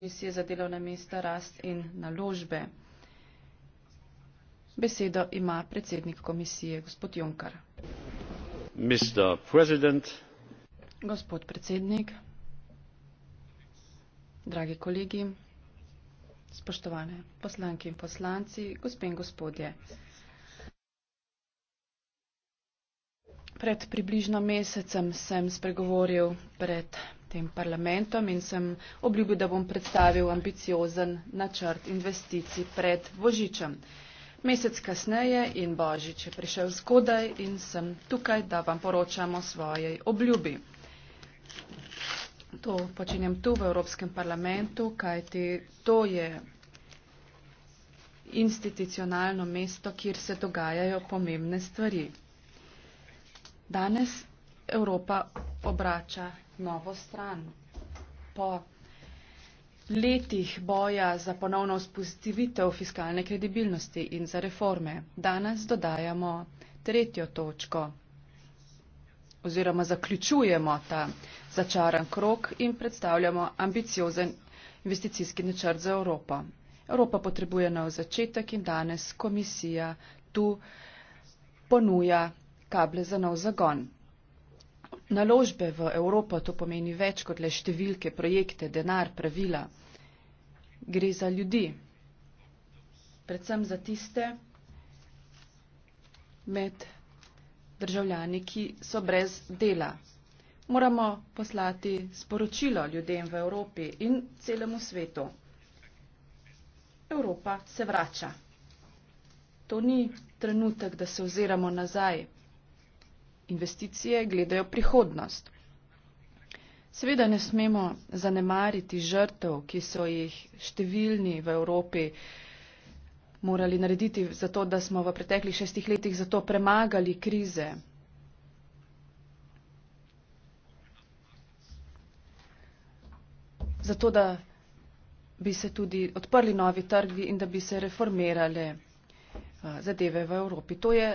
komisije za delovna mesta, rast in naložbe. Besedo ima predsednik komisije, gospod Junkar. Gospod predsednik, dragi kolegi, spoštovane poslanke in poslanci, gospe in gospodje. Pred približno mesecem sem spregovoril pred tem parlamentom in sem obljubil, da bom predstavil ambiciozen načrt investicij pred Božičem. Mesec kasneje in Božič je prišel skodaj in sem tukaj, da vam poročamo svojej obljubi. To počinjem tu v Evropskem parlamentu, kajti to je institucionalno mesto, kjer se dogajajo pomembne stvari. Danes Evropa obrača novo stran. Po letih boja za ponovno vzpostavitev fiskalne kredibilnosti in za reforme, danes dodajamo tretjo točko oziroma zaključujemo ta začaran krok in predstavljamo ambiciozen investicijski načrt za Evropo. Evropa potrebuje nov začetek in danes komisija tu ponuja kable za nov zagon. Naložbe v Evropo to pomeni več kot le številke, projekte, denar, pravila. Gre za ljudi, predvsem za tiste med državljani, ki so brez dela. Moramo poslati sporočilo ljudem v Evropi in celemu svetu. Evropa se vrača. To ni trenutek, da se oziramo nazaj, investicije gledajo prihodnost. Seveda ne smemo zanemariti žrtev, ki so jih številni v Evropi morali narediti zato, da smo v preteklih šestih letih zato premagali krize. Zato, da bi se tudi odprli novi trgi in da bi se reformirale eh, zadeve v Evropi. To je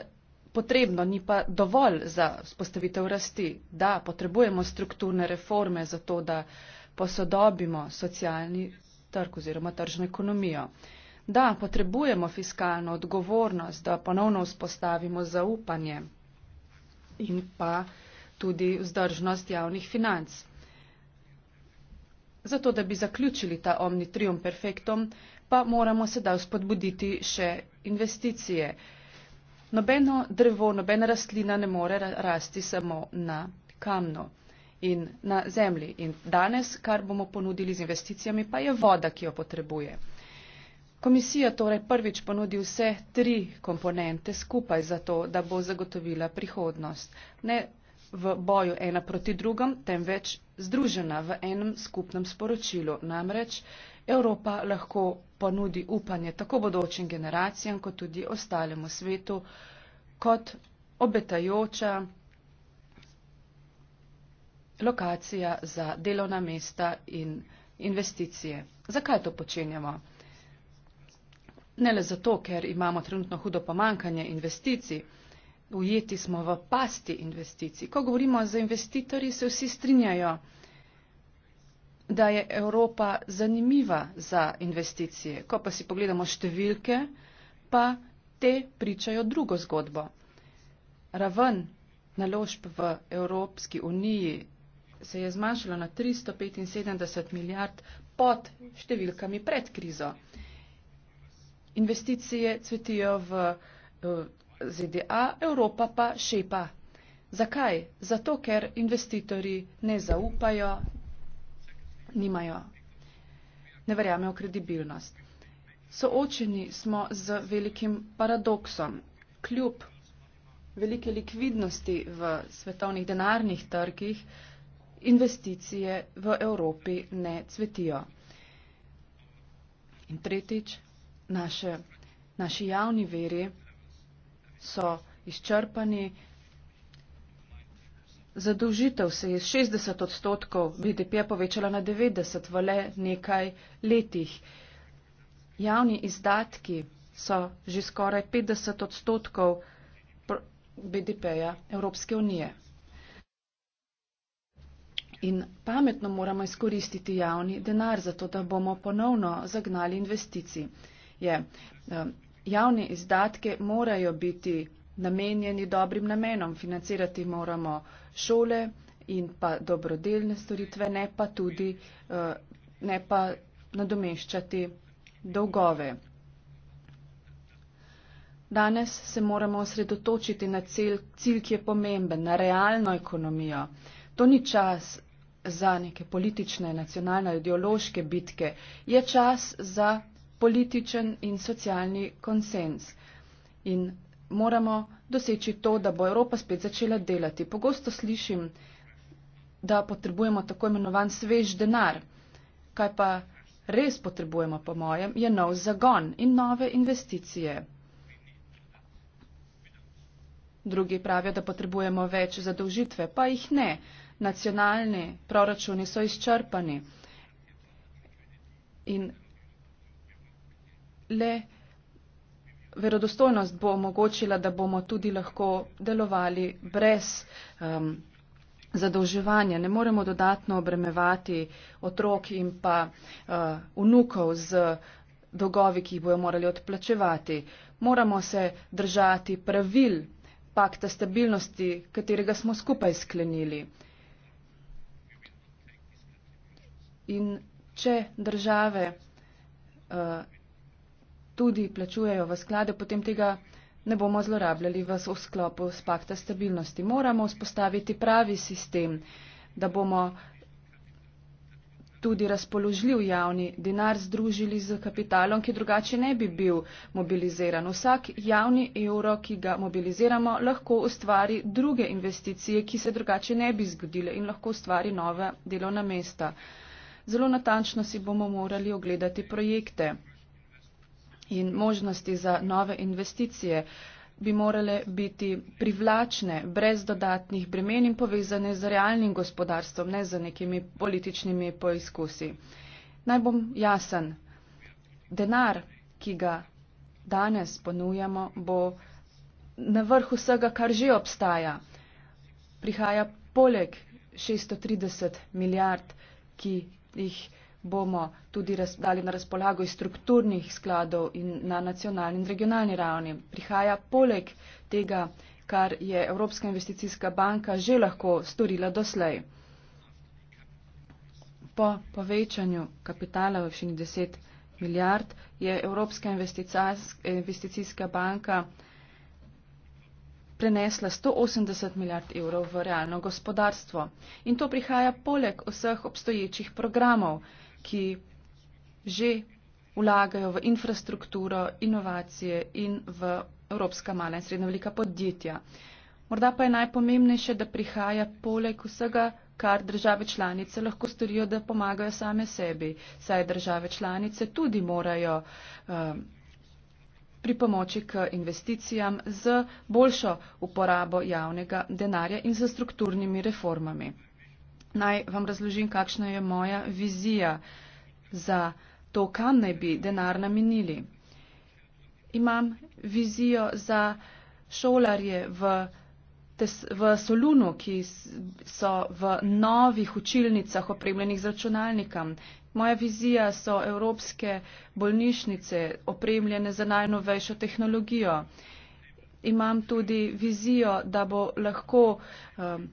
potrebno, ni pa dovolj za spostavitev rasti. Da, potrebujemo strukturne reforme za to, da posodobimo socialni trg oziroma tržno ekonomijo. Da, potrebujemo fiskalno odgovornost, da ponovno vzpostavimo zaupanje in pa tudi vzdržnost javnih financ. Zato, da bi zaključili ta omni trium perfektom, pa moramo sedaj spodbuditi še investicije. Nobeno drevo, nobena rastlina ne more rasti samo na kamnu in na zemlji. In danes, kar bomo ponudili z investicijami, pa je voda, ki jo potrebuje. Komisija torej prvič ponudi vse tri komponente skupaj za to, da bo zagotovila prihodnost. Ne v boju ena proti drugom, temveč združena v enem skupnem sporočilu. Namreč Evropa lahko ponudi upanje tako bodočim generacijam, kot tudi ostalemu svetu, kot obetajoča lokacija za delovna mesta in investicije. Zakaj to počenjamo? Ne le zato, ker imamo trenutno hudo pomankanje investicij, ujeti smo v pasti investicij. Ko govorimo za investitorji, se vsi strinjajo, da je Evropa zanimiva za investicije. Ko pa si pogledamo številke, pa te pričajo drugo zgodbo. Raven naložb v Evropski uniji se je zmanjšala na 375 milijard pod številkami pred krizo. Investicije cvetijo v eh, ZDA, Evropa pa šepa. Zakaj? Zato, ker investitorji ne zaupajo, nimajo, ne verjamejo kredibilnost. Soočeni smo z velikim paradoksom. Kljub velike likvidnosti v svetovnih denarnih trgih, investicije v Evropi ne cvetijo. In tretjič, naše, naši javni veri so izčrpani. Zadolžitev se je iz 60 odstotkov BDP povečala na 90 v le nekaj letih. Javni izdatki so že skoraj 50 odstotkov BDP-ja Evropske unije. In pametno moramo izkoristiti javni denar, zato da bomo ponovno zagnali investicij. Je eh, javni izdatke morajo biti namenjeni dobrim namenom. Financirati moramo šole in pa dobrodelne storitve, ne pa tudi eh, ne pa nadomeščati dolgove. Danes se moramo osredotočiti na cilj, cilj, ki je pomemben, na realno ekonomijo. To ni čas za neke politične, nacionalne, ideološke bitke. Je čas za političen in socialni konsens. In moramo doseči to, da bo Evropa spet začela delati. Pogosto slišim, da potrebujemo tako imenovan svež denar. Kaj pa res potrebujemo, po mojem, je nov zagon in nove investicije. Drugi pravijo, da potrebujemo več zadolžitve, pa jih ne. Nacionalni proračuni so izčrpani. In le verodostojnost bo omogočila, da bomo tudi lahko delovali brez um, zadolževanja. Ne moremo dodatno obremevati otrok in pa uh, vnukov z dolgovi, ki jih bojo morali odplačevati. Moramo se držati pravil pakta stabilnosti, katerega smo skupaj sklenili. In če države uh, tudi plačujejo v sklade, potem tega ne bomo zlorabljali v sklopu s pakta stabilnosti. Moramo vzpostaviti pravi sistem, da bomo tudi razpoložljiv javni denar združili z kapitalom, ki drugače ne bi bil mobiliziran. Vsak javni evro, ki ga mobiliziramo, lahko ustvari druge investicije, ki se drugače ne bi zgodile in lahko ustvari nove delovna mesta. Zelo natančno si bomo morali ogledati projekte in možnosti za nove investicije bi morale biti privlačne, brez dodatnih bremen in povezane z realnim gospodarstvom, ne z nekimi političnimi poizkusi. Naj bom jasen, denar, ki ga danes ponujamo, bo na vrhu vsega, kar že obstaja. Prihaja poleg 630 milijard, ki jih bomo tudi dali na razpolago iz strukturnih skladov in na nacionalni in regionalni ravni. Prihaja poleg tega, kar je Evropska investicijska banka že lahko storila doslej. Po povečanju kapitala v višini 10 milijard je Evropska investicijska banka prenesla 180 milijard evrov v realno gospodarstvo. In to prihaja poleg vseh obstoječih programov, ki že vlagajo v infrastrukturo, inovacije in v evropska mala in srednja velika podjetja. Morda pa je najpomembnejše, da prihaja poleg vsega, kar države članice lahko storijo, da pomagajo same sebi, saj države članice tudi morajo um, eh, pri pomoči k investicijam z boljšo uporabo javnega denarja in z strukturnimi reformami naj vam razložim, kakšna je moja vizija za to, kam naj bi denar namenili. Imam vizijo za šolarje v, tes, v Solunu, ki so v novih učilnicah opremljenih z računalnikom. Moja vizija so evropske bolnišnice opremljene za najnovejšo tehnologijo. Imam tudi vizijo, da bo lahko um,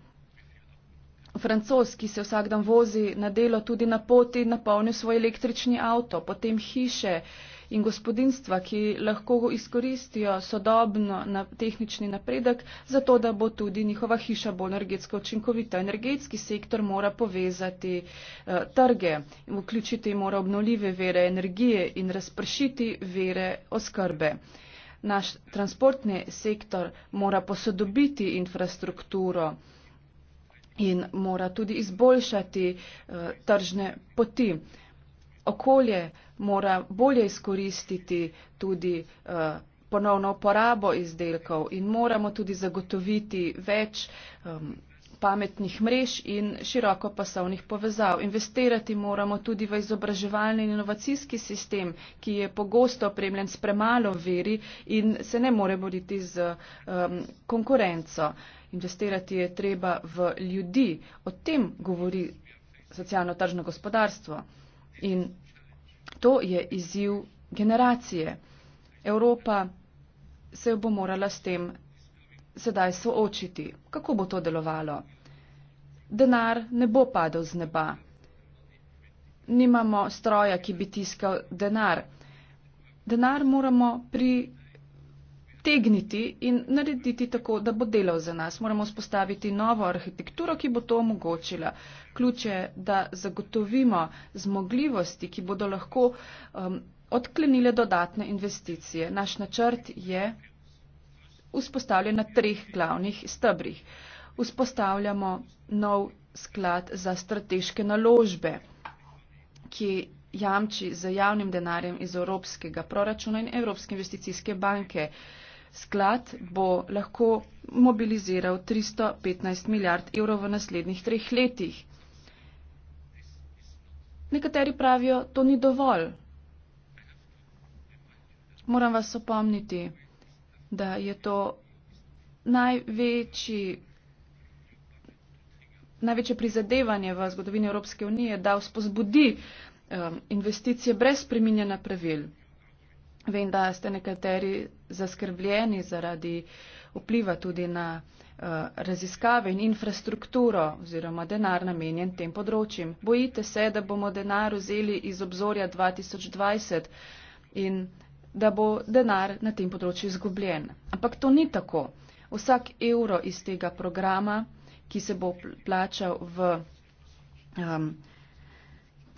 Francoz, ki se vsak dan vozi na delo tudi na poti, napolnil svoj električni avto, potem hiše in gospodinstva, ki lahko izkoristijo sodobno na tehnični napredek, zato da bo tudi njihova hiša bolj energetsko učinkovita. Energetski sektor mora povezati uh, trge, vključiti mora obnoljive vere energije in razpršiti vere oskrbe. Naš transportni sektor mora posodobiti infrastrukturo in mora tudi izboljšati uh, tržne poti. Okolje mora bolje izkoristiti tudi uh, ponovno uporabo izdelkov in moramo tudi zagotoviti več um, pametnih mrež in širokopasovnih povezav. Investirati moramo tudi v izobraževalni in inovacijski sistem, ki je pogosto opremljen s premalo veri in se ne more boriti z um, konkurenco. Investirati je treba v ljudi. O tem govori socialno-tržno gospodarstvo. In to je izziv generacije. Evropa se bo morala s tem sedaj soočiti, kako bo to delovalo. Denar ne bo padel z neba. Nimamo stroja, ki bi tiskal denar. Denar moramo pritegniti in narediti tako, da bo delal za nas. Moramo spostaviti novo arhitekturo, ki bo to omogočila. Ključ je, da zagotovimo zmogljivosti, ki bodo lahko um, odklenile dodatne investicije. Naš načrt je vzpostavljen na treh glavnih stebrih. Vzpostavljamo nov sklad za strateške naložbe, ki jamči z javnim denarjem iz Evropskega proračuna in Evropske investicijske banke. Sklad bo lahko mobiliziral 315 milijard evrov v naslednjih treh letih. Nekateri pravijo, to ni dovolj. Moram vas opomniti, da je to največji, največje prizadevanje v zgodovini Evropske unije, da vzpodbudi um, investicije brez spreminjena pravil. Vem, da ste nekateri zaskrbljeni zaradi vpliva tudi na uh, raziskave in infrastrukturo oziroma denar namenjen tem področjem. Bojite se, da bomo denar vzeli iz obzorja 2020 in da bo denar na tem področju izgubljen. Ampak to ni tako. Vsak evro iz tega programa, ki se bo plačal v um,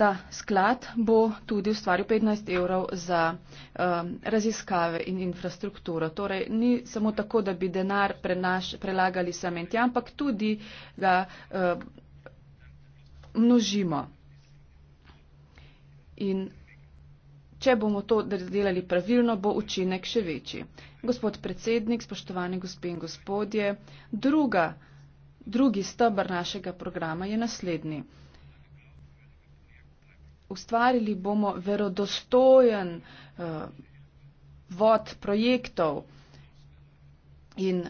ta sklad, bo tudi ustvaril 15 evrov za um, raziskave in infrastrukturo. Torej, ni samo tako, da bi denar prenaš, prelagali samenti, ampak tudi ga uh, množimo. In Če bomo to delali pravilno, bo učinek še večji. Gospod predsednik, spoštovani gospe in gospodje, druga, drugi stebr našega programa je naslednji. Ustvarili bomo verodostojen uh, vod projektov in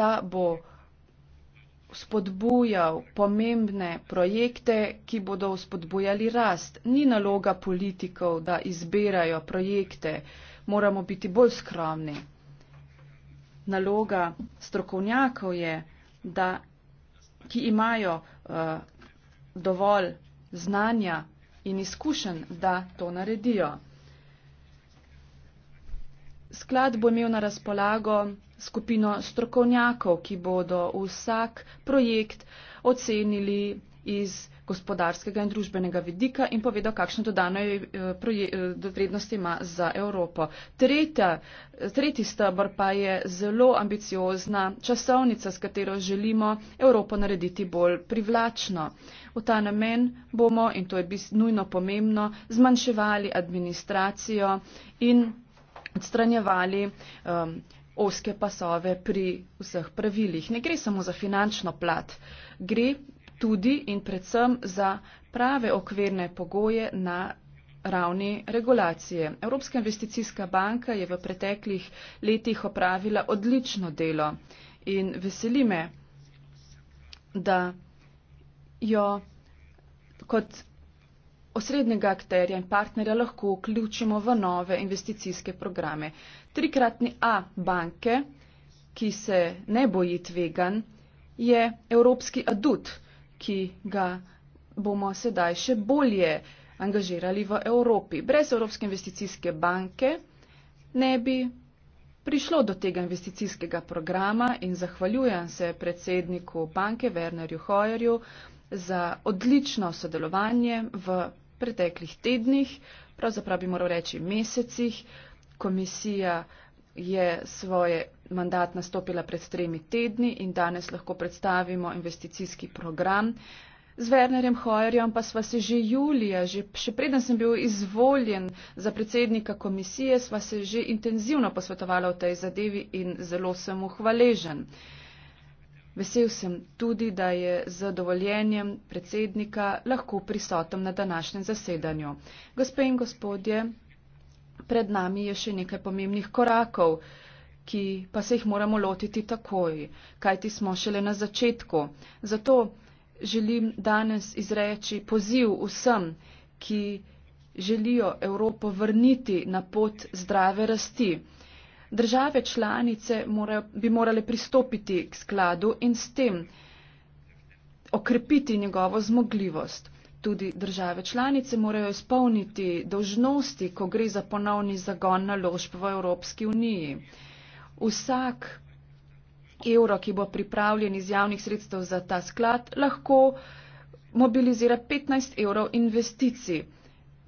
ta bo spodbujal pomembne projekte, ki bodo spodbujali rast. Ni naloga politikov, da izbirajo projekte, moramo biti bolj skromni. Naloga strokovnjakov je, da ki imajo uh, dovolj znanja in izkušenj, da to naredijo. Sklad bo imel na razpolago skupino strokovnjakov, ki bodo vsak projekt ocenili iz gospodarskega in družbenega vidika in povedal, kakšno dodano eh, eh, vrednost ima za Evropo. Tretja, tretji stebr pa je zelo ambiciozna časovnica, s katero želimo Evropo narediti bolj privlačno. V ta namen bomo, in to je nujno pomembno, zmanjševali administracijo in odstranjevali um, oske pasove pri vseh pravilih. Ne gre samo za finančno plat, gre tudi in predvsem za prave okvirne pogoje na ravni regulacije. Evropska investicijska banka je v preteklih letih opravila odlično delo in veseli me, da jo kot osrednjega akterja in partnerja lahko vključimo v nove investicijske programe. Trikratni A banke, ki se ne boji tvegan, je evropski adut, ki ga bomo sedaj še bolje angažirali v Evropi. Brez Evropske investicijske banke ne bi prišlo do tega investicijskega programa in zahvaljujem se predsedniku banke Wernerju Hojerju za odlično sodelovanje v preteklih tednih, pravzaprav bi moral reči mesecih. Komisija je svoje mandat nastopila pred tremi tedni in danes lahko predstavimo investicijski program. Z Wernerjem Hojerjem pa sva se že julija, že, še preden sem bil izvoljen za predsednika komisije, sva se že intenzivno posvetovala o tej zadevi in zelo sem mu hvaležen. Uh, Vesel sem tudi, da je z dovoljenjem predsednika lahko prisoten na današnjem zasedanju. Gospe in gospodje, pred nami je še nekaj pomembnih korakov, ki pa se jih moramo lotiti takoj, kajti smo šele na začetku. Zato želim danes izreči poziv vsem, ki želijo Evropo vrniti na pot zdrave rasti države članice mora, bi morale pristopiti k skladu in s tem okrepiti njegovo zmogljivost. Tudi države članice morajo izpolniti dožnosti, ko gre za ponovni zagon naložb v Evropski uniji. Vsak evro, ki bo pripravljen iz javnih sredstev za ta sklad, lahko mobilizira 15 evrov investicij.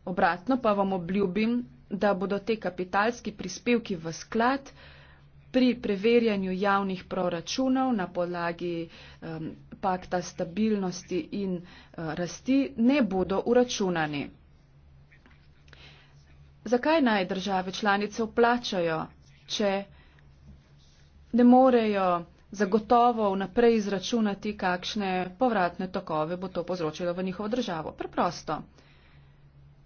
Obratno pa vam obljubim, da bodo te kapitalski prispevki v sklad pri preverjanju javnih proračunov na podlagi um, pakta stabilnosti in uh, rasti ne bodo uračunani. Zakaj naj države članice vplačajo, če ne morejo zagotovo vnaprej izračunati, kakšne povratne tokove bo to povzročilo v njihovo državo? Preprosto.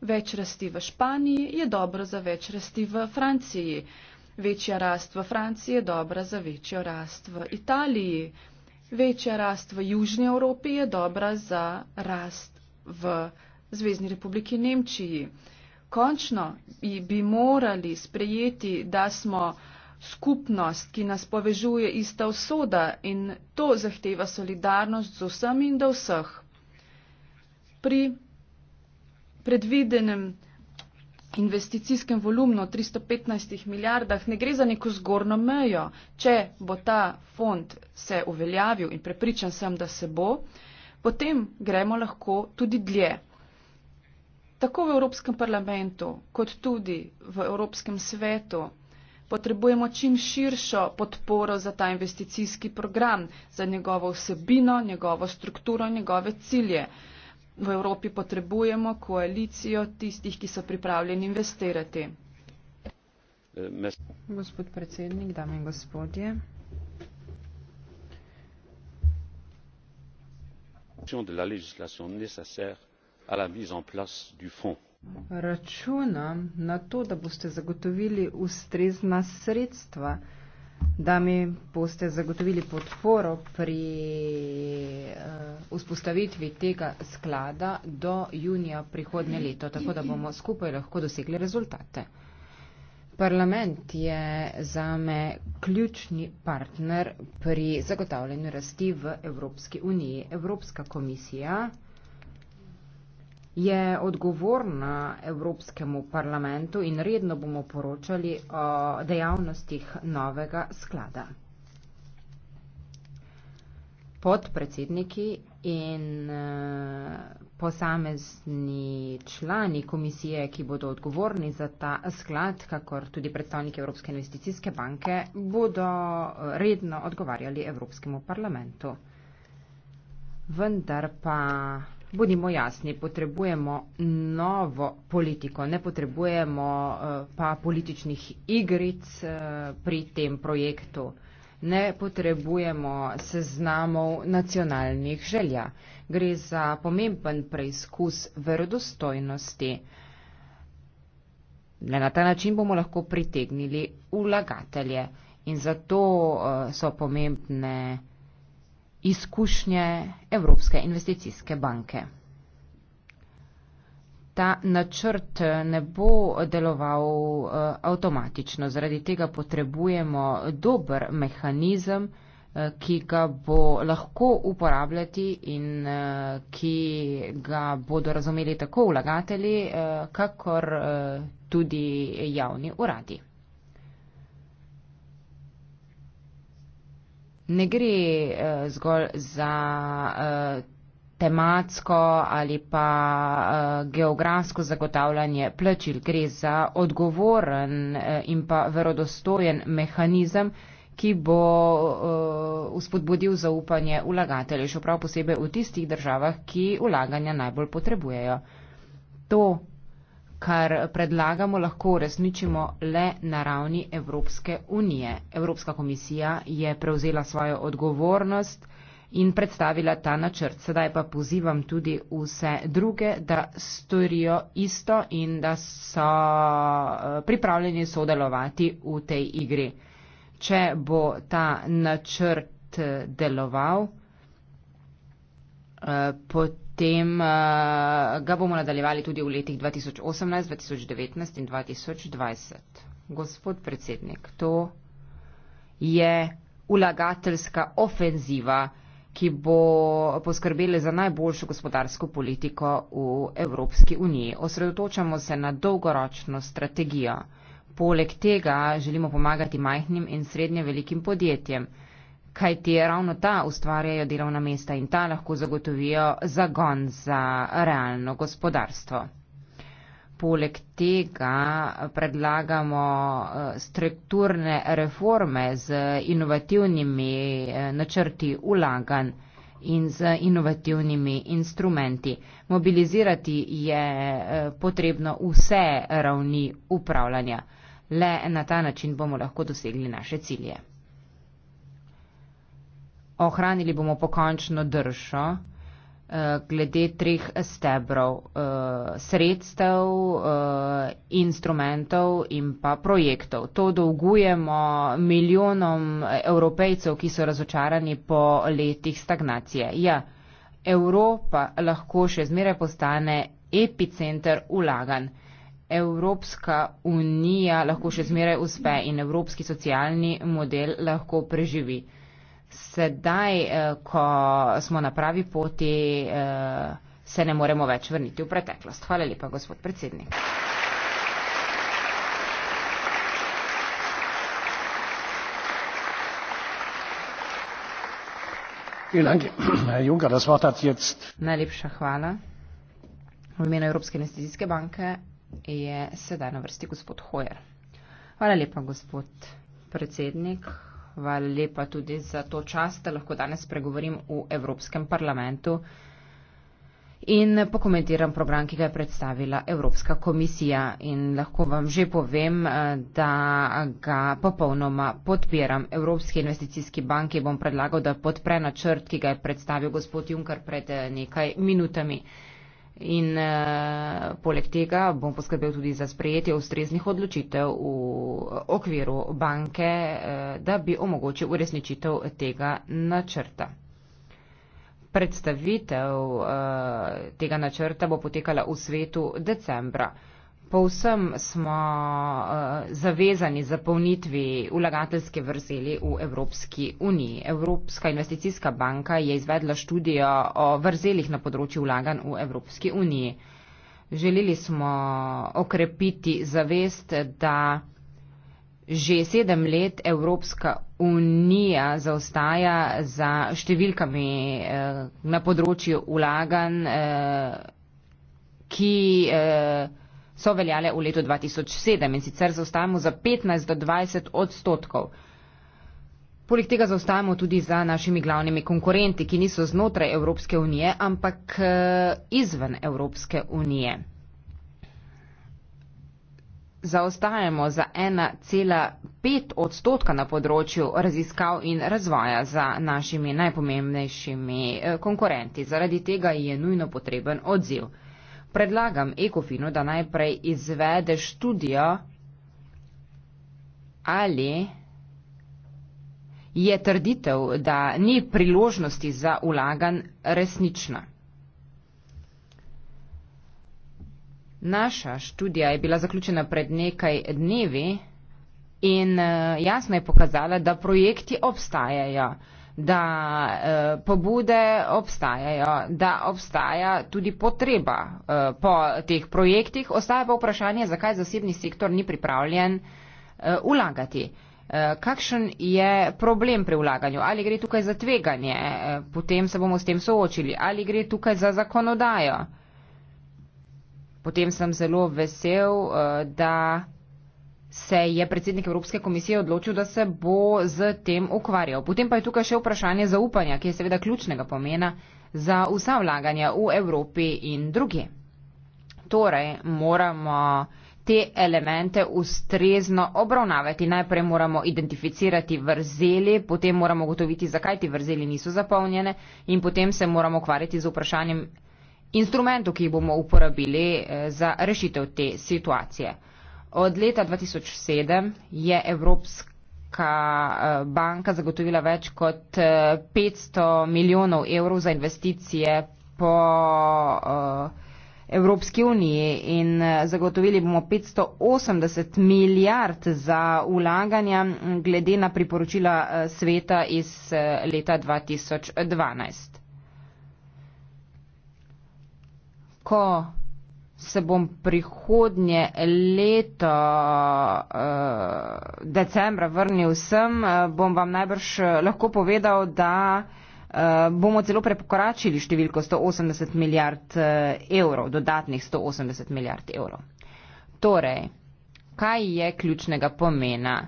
Več rasti v Španiji je dobro za več rasti v Franciji. Večja rast v Franciji je dobra za večjo rast v Italiji. Večja rast v Južni Evropi je dobra za rast v Zvezdni republiki Nemčiji. Končno bi morali sprejeti, da smo skupnost, ki nas povežuje ista usoda in to zahteva solidarnost z vsem in da vseh. Pri predvidenem investicijskem volumnu 315 milijardah ne gre za neko zgornjo mejo. Če bo ta fond se uveljavil in prepričan sem, da se bo, potem gremo lahko tudi dlje. Tako v Evropskem parlamentu, kot tudi v Evropskem svetu potrebujemo čim širšo podporo za ta investicijski program, za njegovo vsebino, njegovo strukturo, njegove cilje v Evropi potrebujemo koalicijo tistih, ki so pripravljeni investirati. Gospod predsednik, dame in gospodje. Računam na to, da boste zagotovili ustrezna sredstva da mi boste zagotovili podporo pri uh, vzpostavitvi tega sklada do junija prihodnje leto, tako da bomo skupaj lahko dosegli rezultate. Parlament je za me ključni partner pri zagotavljanju rasti v Evropski uniji. Evropska komisija je odgovorna Evropskemu parlamentu in redno bomo poročali o dejavnostih novega sklada. Podpredsedniki in eh, posamezni člani komisije, ki bodo odgovorni za ta sklad, kakor tudi predstavniki Evropske investicijske banke, bodo eh, redno odgovarjali Evropskemu parlamentu. Vendar pa Budimo jasni, potrebujemo novo politiko, ne potrebujemo eh, pa političnih igric eh, pri tem projektu. Ne potrebujemo seznamov nacionalnih želja. Gre za pomemben preizkus verodostojnosti. Ne na ta način bomo lahko pritegnili vlagatelje in zato eh, so pomembne izkušnje Evropske investicijske banke. Ta načrt ne bo deloval eh, avtomatično, zaradi tega potrebujemo dober mehanizem, eh, ki ga bo lahko uporabljati in eh, ki ga bodo razumeli tako vlagateli, kakor tudi javni uradi. ne gre uh, zgolj za uh, tematsko ali pa uh, geografsko zagotavljanje plačil, gre za odgovoren uh, in pa verodostojen mehanizem ki bo uh, uspodbudil zaupanje vlagateljev, še prav posebej v tistih državah, ki vlaganja najbolj potrebujejo. To kar predlagamo, lahko uresničimo le na ravni Evropske unije. Evropska komisija je prevzela svojo odgovornost in predstavila ta načrt. Sedaj pa pozivam tudi vse druge, da storijo isto in da so eh, pripravljeni sodelovati v tej igri. Če bo ta načrt eh, deloval, eh, potem potem uh, ga bomo nadaljevali tudi v letih 2018, 2019 in 2020. Gospod predsednik, to je ulagateljska ofenziva, ki bo poskrbela za najboljšo gospodarsko politiko v Evropski uniji. Osredotočamo se na dolgoročno strategijo. Poleg tega želimo pomagati majhnim in srednje velikim podjetjem kaj ti je ravno ta ustvarjajo delovna mesta in ta lahko zagotovijo zagon za realno gospodarstvo. Poleg tega predlagamo eh, strukturne reforme z inovativnimi eh, načrti ulagan in z inovativnimi instrumenti. Mobilizirati je eh, potrebno vse ravni upravljanja. Le na ta način bomo lahko dosegli naše cilje ohranili bomo pokončno držo eh, glede treh stebrov eh, sredstev, eh, instrumentov in pa projektov. To dolgujemo milijonom evropejcev, ki so razočarani po letih stagnacije. Ja, Evropa lahko še zmeraj postane epicenter ulagan. Evropska unija lahko še zmeraj uspe in evropski socialni model lahko preživi sedaj, eh, ko smo na pravi poti, eh, se ne moremo več vrniti v preteklost. Hvala lepa, gospod predsednik. Najlepša hvala. V imenu Evropske investicijske banke je sedaj na vrsti gospod Hojer. Hvala lepa, gospod predsednik. Hvala lepa tudi za to čast, da lahko danes pregovorim v Evropskem parlamentu in pokomentiram program, ki ga je predstavila Evropska komisija. In lahko vam že povem, eh, da ga popolnoma podpiram. Evropski investicijski banki bom predlagal, da podpre načrt, ki ga je predstavil gospod Juncker pred eh, nekaj minutami. In uh, poleg tega bom poskrbel tudi za sprejetje ustreznih odločitev v eh, okviru banke, uh, da bi omogočil uresničitev tega načrta. Predstavitev uh, tega načrta bo potekala v svetu decembra. Uh, povsem smo eh, zavezani zapolnitvi vlagateljske vrzeli v Evropski uniji. Evropska investicijska banka je izvedla študijo o vrzelih na področju vlagan v Evropski uniji. Želeli smo okrepiti zavest, da že sedem let Evropska unija zaostaja za številkami eh, na področju vlagan, eh, ki so veljale v letu 2007 in sicer zaostajamo za 15 do 20 odstotkov. Poleg tega zaostajamo tudi za našimi glavnimi konkurenti, ki niso znotraj Evropske unije, ampak eh, izven Evropske unije. Zaostajamo za 1,5 odstotka na področju raziskav in razvoja za našimi najpomembnejšimi eh, konkurenti. Zaradi tega je nujno potreben odziv predlagam Ekofinu, da najprej izvede študijo, ali je trditev, da ni priložnosti za ulagan resnična. Naša študija je bila zaključena pred nekaj dnevi in eh, jasno je pokazala, da projekti obstajajo da eh, pobude obstajajo, da obstaja tudi potreba eh, po teh projektih. Ostaja pa vprašanje, zakaj zasebni sektor ni pripravljen eh, vlagati. Eh, kakšen je problem pri vlaganju? Ali gre tukaj za tveganje? Eh, potem se bomo s tem soočili. Ali gre tukaj za zakonodajo? Potem sem zelo vesel, eh, da se je predsednik Evropske komisije odločil, da se bo z tem ukvarjal. Potem pa je tukaj še vprašanje zaupanja, ki je seveda ključnega pomena za vsa vlaganja v Evropi in druge. Torej, moramo te elemente ustrezno obravnavati. Najprej moramo identificirati vrzeli, potem moramo gotoviti, zakaj ti vrzeli niso zapolnjene in potem se moramo ukvarjati z vprašanjem instrumentov, ki jih bomo uporabili eh, za rešitev te situacije. Od leta 2007 je Evropska eh, banka zagotovila več kot 500 eh, milijonov evrov za investicije po eh, Evropski uniji in zagotovili bomo 580 milijard za ulaganja glede na priporočila sveta iz leta 2012. Ko se bom prihodnje leto uh, decembra vrnil sem, eh, bom vam najbrž eh, lahko povedal, da uh, bomo celo prekoračili številko 180 milijard evrov, dodatnih 180 milijard evrov. Torej, kaj je ključnega pomena?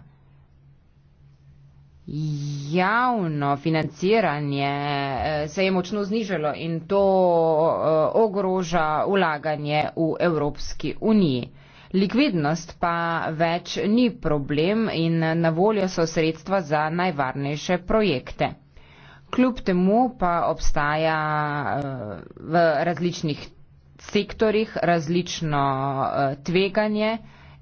javno financiranje eh, se je močno znižalo in to eh, ogroža ulaganje v Evropski uniji. Likvidnost pa več ni problem in na voljo so sredstva za najvarnejše projekte. Kljub temu pa obstaja eh, v različnih sektorjih različno tveganje,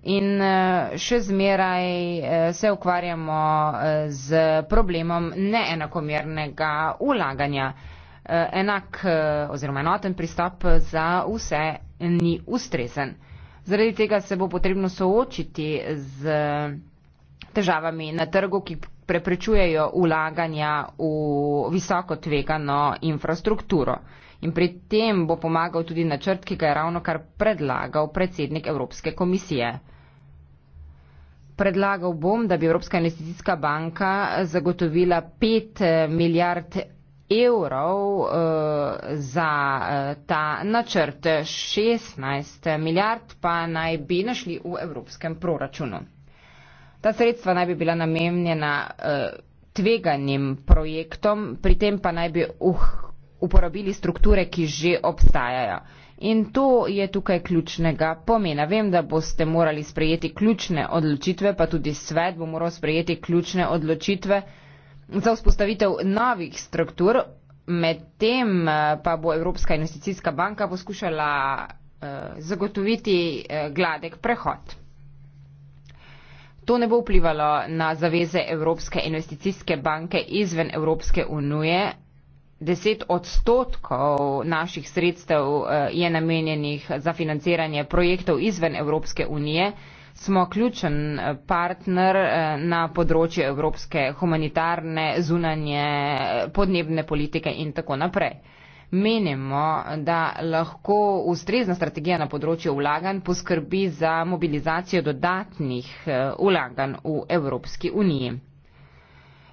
in eh, še zmeraj eh, se ukvarjamo eh, z problemom neenakomernega ulaganja. Enak oziroma enoten pristop za vse ni ustrezen. Zaradi tega se bo potrebno soočiti z težavami na trgu, ki preprečujejo ulaganja v visoko tvegano infrastrukturo. In pri tem bo pomagal tudi načrt, ki ga je ravno kar predlagal predsednik Evropske komisije. Predlagal bom, da bi Evropska investicijska banka zagotovila 5 eh, milijard evrov uh, za uh, ta načrt. 16 milijard pa naj bi našli v evropskem proračunu. Ta sredstva naj bi bila namenjena uh, tveganim projektom, pri tem pa naj bi uh, uporabili strukture, ki že obstajajo. In to je tukaj ključnega pomena. Vem, da boste morali sprejeti ključne odločitve, pa tudi svet bo moral sprejeti ključne odločitve za vzpostavitev novih struktur, medtem eh, pa bo Evropska investicijska banka poskušala eh, zagotoviti eh, gladek prehod. To ne bo vplivalo na zaveze Evropske investicijske banke izven Evropske unije 10 odstotkov naših sredstev eh, je namenjenih za financiranje projektov izven Evropske unije, smo ključen eh, partner eh, na področju evropske humanitarne, zunanje, podnebne politike in tako naprej. Menimo, da lahko ustrezna strategija na področju vlaganj poskrbi za mobilizacijo dodatnih vlaganj v Evropski uniji.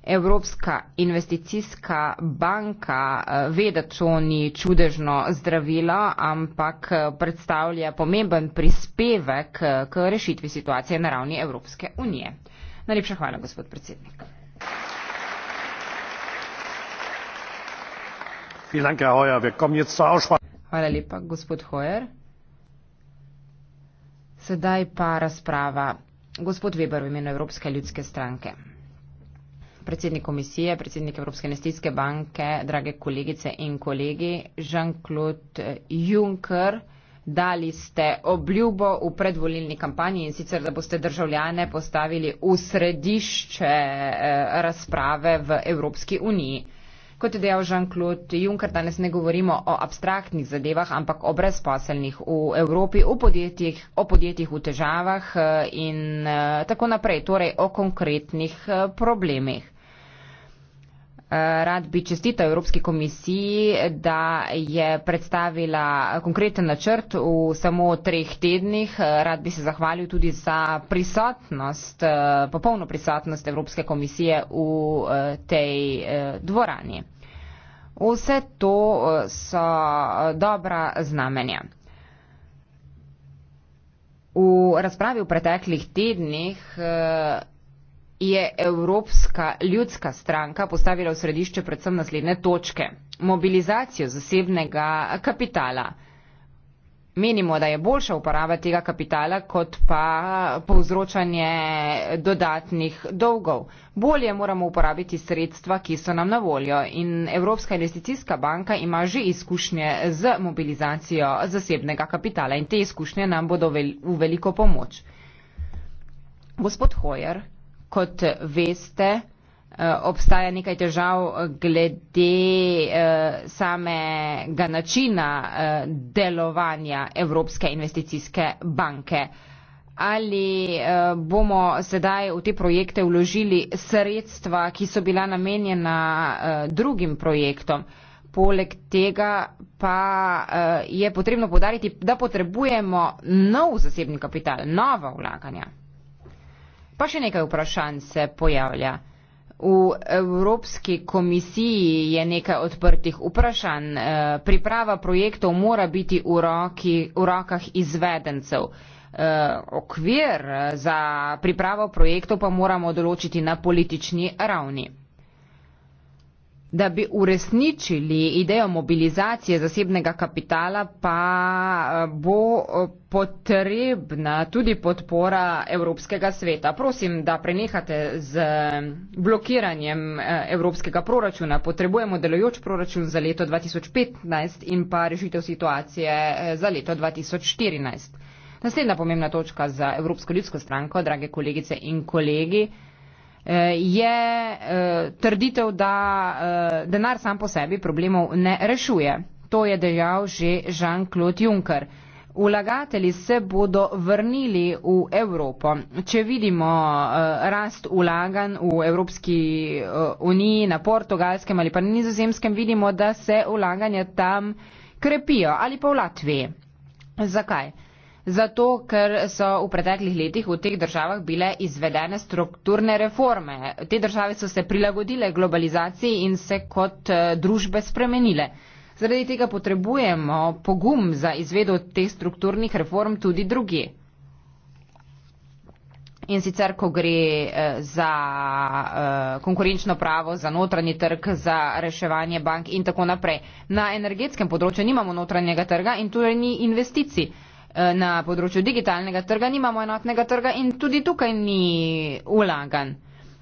Evropska investicijska banka eh, ve, da to ni čudežno zdravilo, ampak eh, predstavlja pomemben prispevek eh, k rešitvi situacije na ravni Evropske unije. Najlepša hvala, gospod predsednik. Hvala lepa, gospod Hojer. Sedaj pa razprava. Gospod Weber v imenu Evropske ljudske stranke predsednik komisije, predsednik Evropske investicijske banke, drage kolegice in kolegi, Jean-Claude Juncker, dali ste obljubo v predvolilni kampanji in sicer, da boste državljane postavili v središče eh, razprave v Evropski uniji. Kot je dejal Jean-Claude Juncker, danes ne govorimo o abstraktnih zadevah, ampak o brezposelnih v Evropi, o podjetjih, o podjetjih v težavah eh, in eh, tako naprej, torej o konkretnih problemih. Eh, rad bi čestital Evropski komisiji, da je predstavila konkreten načrt v samo treh tednih. Eh, rad bi se zahvalil tudi za prisotnost, eh, popolno prisotnost Evropske komisije v tej dvorani. Vse to so dobra znamenja. V razpravi v preteklih tednih je Evropska ljudska stranka postavila v središče predvsem naslednje točke. Mobilizacijo zasebnega kapitala. Menimo, da je boljša uporaba tega kapitala, kot pa povzročanje dodatnih dolgov. Bolje moramo uporabiti sredstva, ki so nam na voljo in Evropska investicijska banka ima že izkušnje z mobilizacijo zasebnega kapitala in te izkušnje nam bodo v veliko pomoč. Gospod Hojer, kot veste, eh, obstaja nekaj težav glede eh, samega načina eh, delovanja Evropske investicijske banke. Ali bomo sedaj v te projekte vložili sredstva, ki so bila namenjena drugim projektom? Poleg tega pa je potrebno podariti, da potrebujemo nov zasebni kapital, nova vlaganja. Pa še nekaj vprašanj se pojavlja. V Evropski komisiji je nekaj odprtih vprašanj. Eh, priprava projektov mora biti v, roki, v rokah izvedencev. Eh, okvir eh, za pripravo projektov pa moramo določiti na politični ravni. Da bi uresničili idejo mobilizacije zasebnega kapitala, pa eh, bo eh, potrebna tudi podpora Evropskega sveta. Prosim, da prenehate z eh, blokiranjem Evropskega proračuna. Potrebujemo delojoč proračun za leto 2015 in pa rešitev situacije za leto 2014. Naslednja pomembna točka za Evropsko ljudsko stranko, drage kolegice in kolegi, Eh, je eh, trditev, da eh, denar sam po sebi problemov ne rešuje. To je dejal že Jean-Claude Juncker. Vlagatelji se bodo vrnili v Evropo. Če vidimo rast ulagan v Evropski uniji, na portugalskem ali pa na nizozemskem, vidimo, da se ulaganja tam krepijo ali pa v Latviji. Zakaj? zato ker so v preteklih letih v teh državah bile izvedene strukturne reforme. Te države so se prilagodile globalizaciji in se kot eh, družbe spremenile. Zaradi tega potrebujemo pogum za izvedo teh strukturnih reform tudi drugi. In sicer, ko gre eh, za eh, konkurenčno pravo, za notranji trg, za reševanje bank in tako naprej. Na energetskem področju nimamo notranjega trga in tudi ni investicij. Eh, na področju digitalnega trga, nimamo enotnega trga in tudi tukaj ni ulagan.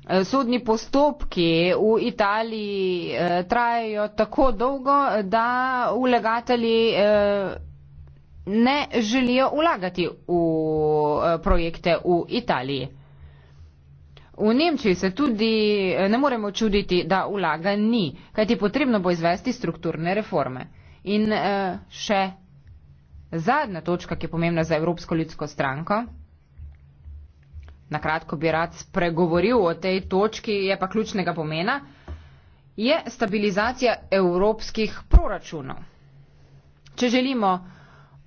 Eh, sodni postopki v Italiji eh, trajajo tako dolgo, da ulagatelji ne želijo ulagati v projekte v Italiji. V Nemčiji se tudi ne moremo čuditi, da ulaga ni, kajti potrebno bo izvesti strukturne reforme. In še zadnja točka, ki je pomembna za Evropsko ljudsko stranko. Nakratko bi rad spregovoril o tej točki, je pa ključnega pomena, je stabilizacija evropskih proračunov. Če želimo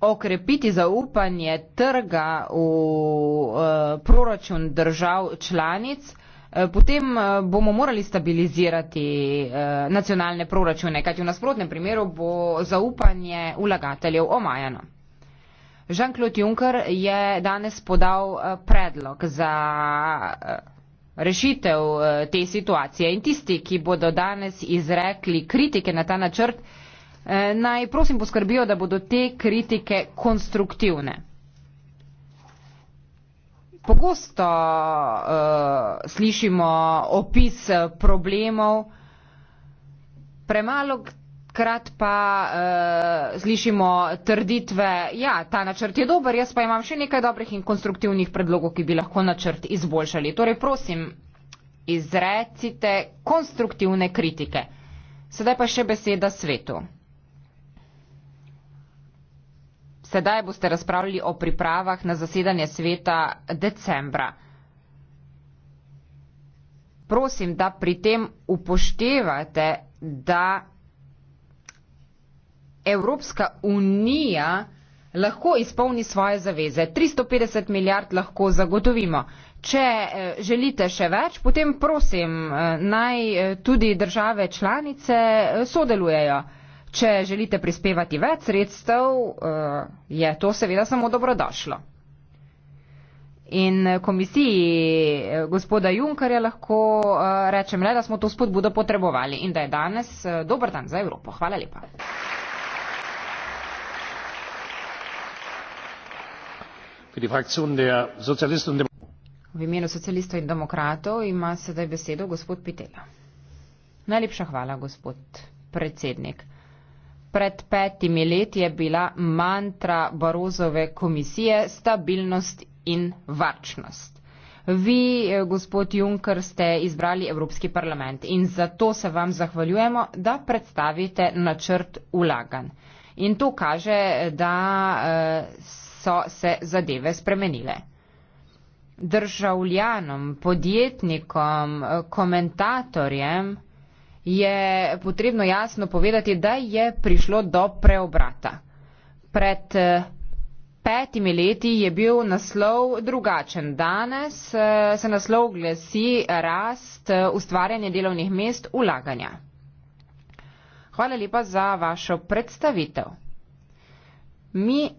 okrepiti zaupanje trga v uh, proračun držav članic, eh, Potem eh, bomo morali stabilizirati nacionalne proračune, kajti v nasprotnem primeru bo zaupanje vlagateljev omajano. Jean-Claude Juncker je danes podal eh, predlog za eh, rešitev eh, te situacije in tisti, ki bodo danes izrekli kritike na ta načrt, naj prosim poskrbijo, da bodo te kritike konstruktivne. Pogosto uh, slišimo opis problemov, premalo takrat pa uh, slišimo trditve, ja, ta načrt je dober, jaz pa imam še nekaj dobrih in konstruktivnih predlogov, ki bi lahko načrt izboljšali. Torej, prosim, izrecite konstruktivne kritike. Sedaj pa še beseda svetu. Sedaj boste razpravljali o pripravah na zasedanje sveta decembra. Prosim, da pri tem upoštevate, da Evropska unija lahko izpolni svoje zaveze. 350 milijard lahko zagotovimo. Če eh, želite še več, potem prosim, eh, naj eh, tudi države članice sodelujejo. Če želite prispevati več sredstev, je to seveda samo dobrodošlo. In komisiji gospoda Junkarja lahko rečem le, da smo to spodbudo potrebovali in da je danes dober dan za Evropo. Hvala lepa. V imenu socialistov in demokratov ima sedaj besedo gospod Pitela. Najlepša hvala, gospod predsednik. Pred petimi leti je bila mantra Barozove komisije stabilnost in varčnost. Vi, eh, gospod Juncker, ste izbrali Evropski parlament in zato se vam zahvaljujemo, da predstavite načrt ulagan. In to kaže, da eh, so se zadeve spremenile. Državljanom, podjetnikom, komentatorjem je potrebno jasno povedati, da je prišlo do preobrata. Pred eh, petimi leti je bil naslov drugačen. Danes eh, se naslov glasi rast eh, ustvarjanje delovnih mest ulaganja. Hvala lepa za vašo predstavitev. Mi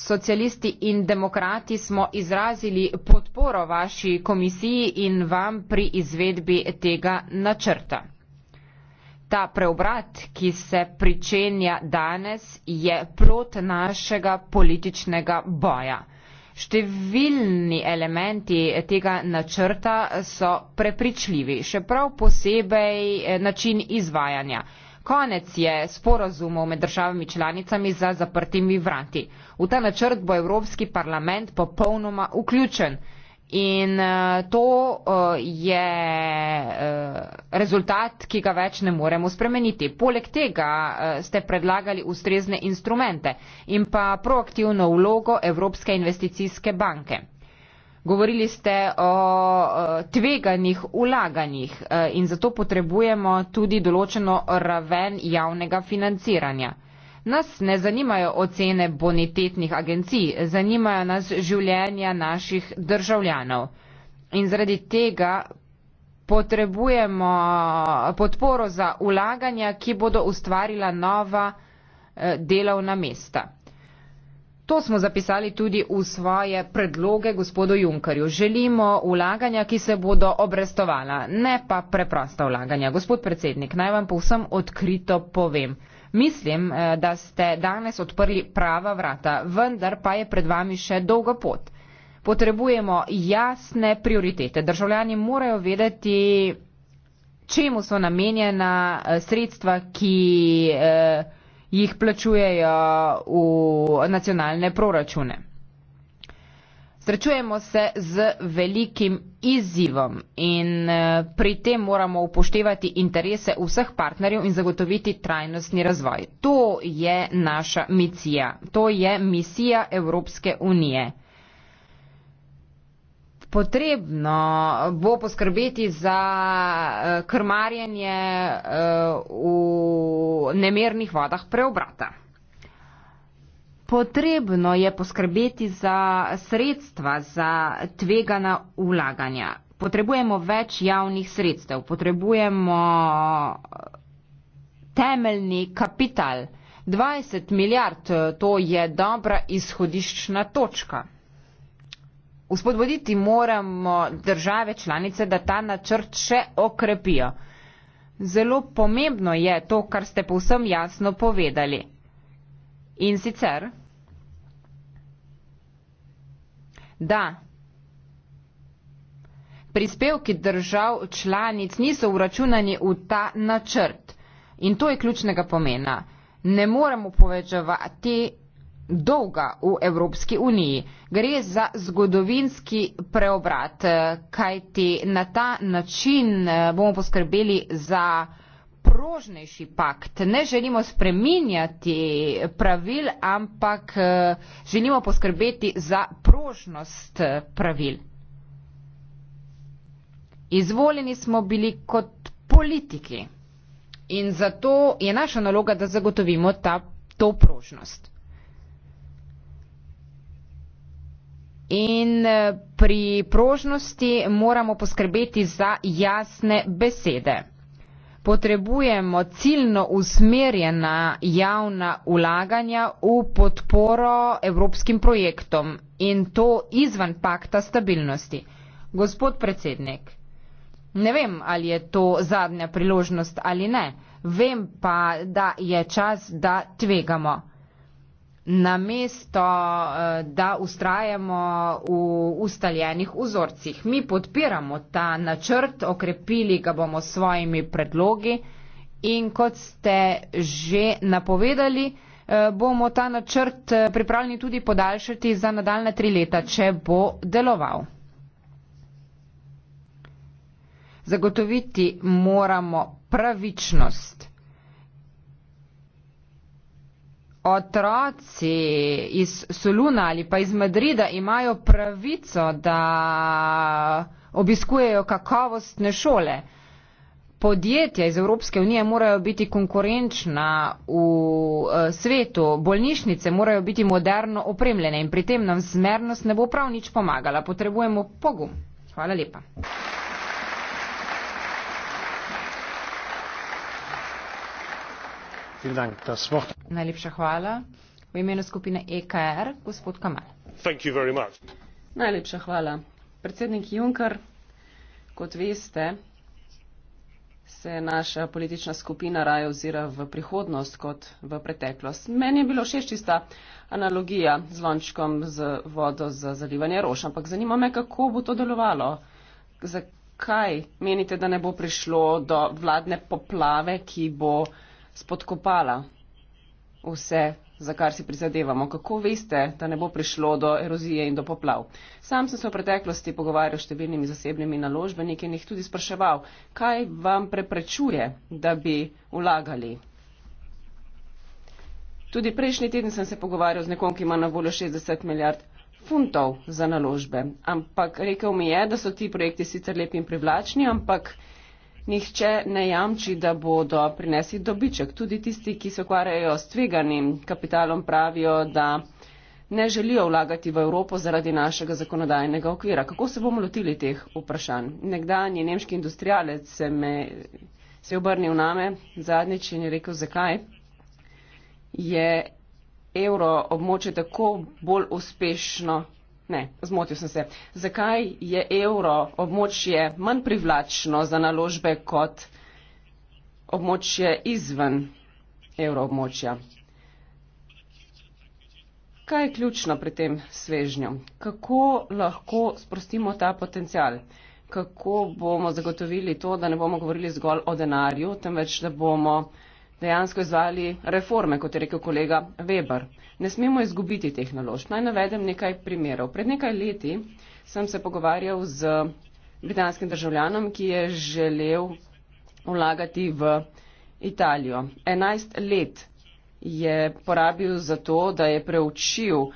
Socialisti in demokrati smo izrazili podporo vaši komisiji in vam pri izvedbi tega načrta. Ta preobrat, ki se pričenja danes, je plot našega političnega boja. Številni elementi tega načrta so prepričljivi, še prav posebej eh, način izvajanja. Konec je sporozumov med državami članicami za zaprtimi vrati v ta načrt bo Evropski parlament popolnoma vključen. In eh, to eh, je eh, rezultat, ki ga več ne moremo spremeniti. Poleg tega ste predlagali ustrezne instrumente in pa proaktivno vlogo Evropske investicijske banke. Govorili ste o tveganih ulaganjih in zato potrebujemo tudi določeno raven javnega financiranja. Nas ne zanimajo ocene bonitetnih agencij, zanimajo nas življenja naših državljanov. In zaradi tega potrebujemo podporo za ulaganja, ki bodo ustvarila nova eh, delovna mesta. To smo zapisali tudi v svoje predloge gospodu Junkarju. Želimo ulaganja, ki se bodo obrestovala, ne pa preprosta ulaganja. Gospod predsednik, naj vam povsem odkrito povem. Mislim, eh, da ste danes odprli prava vrata, vendar pa je pred vami še dolga pot. Potrebujemo jasne prioritete. Državljani morajo vedeti, čemu so namenjena eh, sredstva, ki eh, jih plačujejo v nacionalne proračune. Srečujemo se z velikim izzivom in eh, pri tem moramo upoštevati interese vseh partnerjev in zagotoviti trajnostni razvoj. To je naša misija. To je misija Evropske unije. Potrebno bo poskrbeti za eh, krmarjenje eh, v nemernih vodah preobrata. Potrebno je poskrbeti za sredstva, za tvegana ulaganja. Potrebujemo več javnih sredstev, potrebujemo eh, temeljni kapital. 20 milijard eh, to je dobra izhodiščna točka. Uspodbuditi moramo države članice, da ta načrt še okrepijo. Zelo pomembno je to, kar ste povsem jasno povedali. In sicer, da prispevki držav članic niso uračunani v ta načrt. In to je ključnega pomena. Ne moremo povečevati dolga v Evropski uniji. Gre za zgodovinski preobrat, kajti na ta način eh, bomo poskrbeli za prožnejši pakt. Ne želimo spreminjati pravil, ampak eh, želimo poskrbeti za prožnost eh, pravil. Izvoljeni smo bili kot politiki in zato je naša naloga, da zagotovimo ta, to prožnost. In eh, pri prožnosti moramo poskrbeti za jasne besede potrebujemo ciljno usmerjena javna ulaganja v podporo evropskim projektom in to izvan pakta stabilnosti. Gospod predsednik, ne vem, ali je to zadnja priložnost ali ne, vem pa, da je čas, da tvegamo namesto, eh, da ustrajamo v ustaljenih vzorcih. Mi podpiramo ta načrt, okrepili ga bomo s svojimi predlogi in kot ste že napovedali, eh, bomo ta načrt eh, pripravljeni tudi podaljšati za nadaljne tri leta, če bo deloval. Zagotoviti moramo pravičnost. otroci iz Soluna ali pa iz Madrida imajo pravico, da obiskujejo kakovostne šole. Podjetja iz Evropske unije morajo biti konkurenčna v eh, svetu, bolnišnice morajo biti moderno opremljene in pri tem nam zmernost ne bo prav nič pomagala. Potrebujemo pogum. Hvala lepa. Najlepša hvala. V imenu skupine EKR, gospod Kamal. Najlepša hvala. Predsednik Juncker, kot veste, se naša politična skupina raje ozira v prihodnost kot v preteklost. Meni je bilo všeč čista analogija z lončkom z vodo za zalivanje roš, ampak zanima me, kako bo to delovalo. Zakaj menite, da ne bo prišlo do vladne poplave, ki bo spodkopala vse, za kar si prizadevamo. Kako veste, da ne bo prišlo do erozije in do poplav? Sam sem se v preteklosti pogovarjal s številnimi zasebnimi naložbeniki in jih tudi spraševal, kaj vam preprečuje, da bi vlagali. Tudi prejšnji teden sem se pogovarjal z nekom, ki ima na voljo 60 milijard funtov za naložbe, ampak rekel mi je, da so ti projekti sicer lepi in privlačni, ampak nihče ne jamči, da bodo prinesli dobiček. Tudi tisti, ki se ukvarjajo s tveganim kapitalom, pravijo, da ne želijo vlagati v Evropo zaradi našega zakonodajnega okvira. Kako se bomo lotili teh vprašanj? Nekdanji nemški industrialec se, me, se je obrnil name zadnjič in je rekel, zakaj je evro območje tako bolj uspešno Ne, zmotil sem se. Zakaj je evro območje manj privlačno za naložbe kot območje izven evro območja? Kaj je ključno pri tem svežnju? Kako lahko sprostimo ta potencial? Kako bomo zagotovili to, da ne bomo govorili zgolj o denarju, temveč da bomo dejansko izvajali reforme, kot je rekel kolega Weber. Ne smemo izgubiti tehnolož. Naj navedem nekaj primerov. Pred nekaj leti sem se pogovarjal z britanskim državljanom, ki je želel vlagati v Italijo. 11 let je porabil za to, da je preučil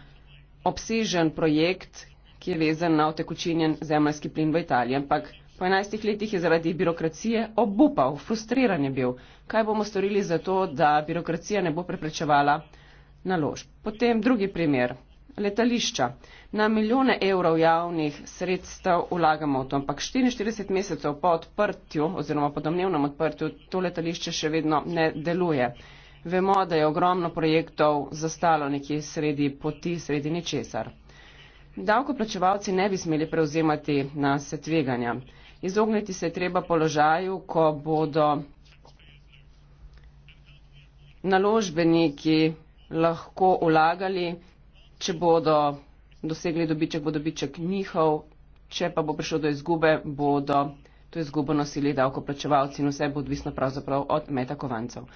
obsežen projekt, ki je vezan na otekočinjen zemljski plin v Italiji. Ampak Po enajstih letih je zaradi birokracije obupal, frustriran je bil. Kaj bomo storili za to, da birokracija ne bo preprečevala naložb? Potem drugi primer. Letališča. Na milijone evrov javnih sredstev vlagamo v to, ampak 44 mesecev po odprtju oziroma po domnevnem odprtju to letališče še vedno ne deluje. Vemo, da je ogromno projektov zastalo nekje sredi poti, sredi ničesar. Davkoplačevalci ne bi smeli prevzemati na se tveganja. Izogniti se je treba položaju, ko bodo naložbeniki lahko ulagali, če bodo dosegli dobiček, bo dobiček njihov, če pa bo prišlo do izgube, bodo to izgubo nosili davkoplačevalci in vse bo odvisno pravzaprav od metakovancev.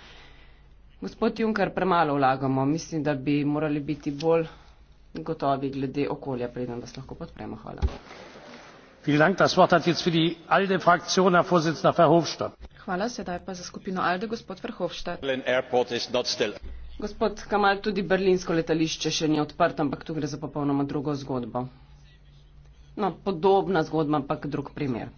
Gospod Junker, premalo vlagamo. Mislim, da bi morali biti bolj gotovi glede okolja, preden vas lahko podpremo. Hvala gospod kamal tudi berlinsko letališče še ni odprto ampak tu gre za popolnoma drugo zgodbo no podobna zgodba ampak drug primer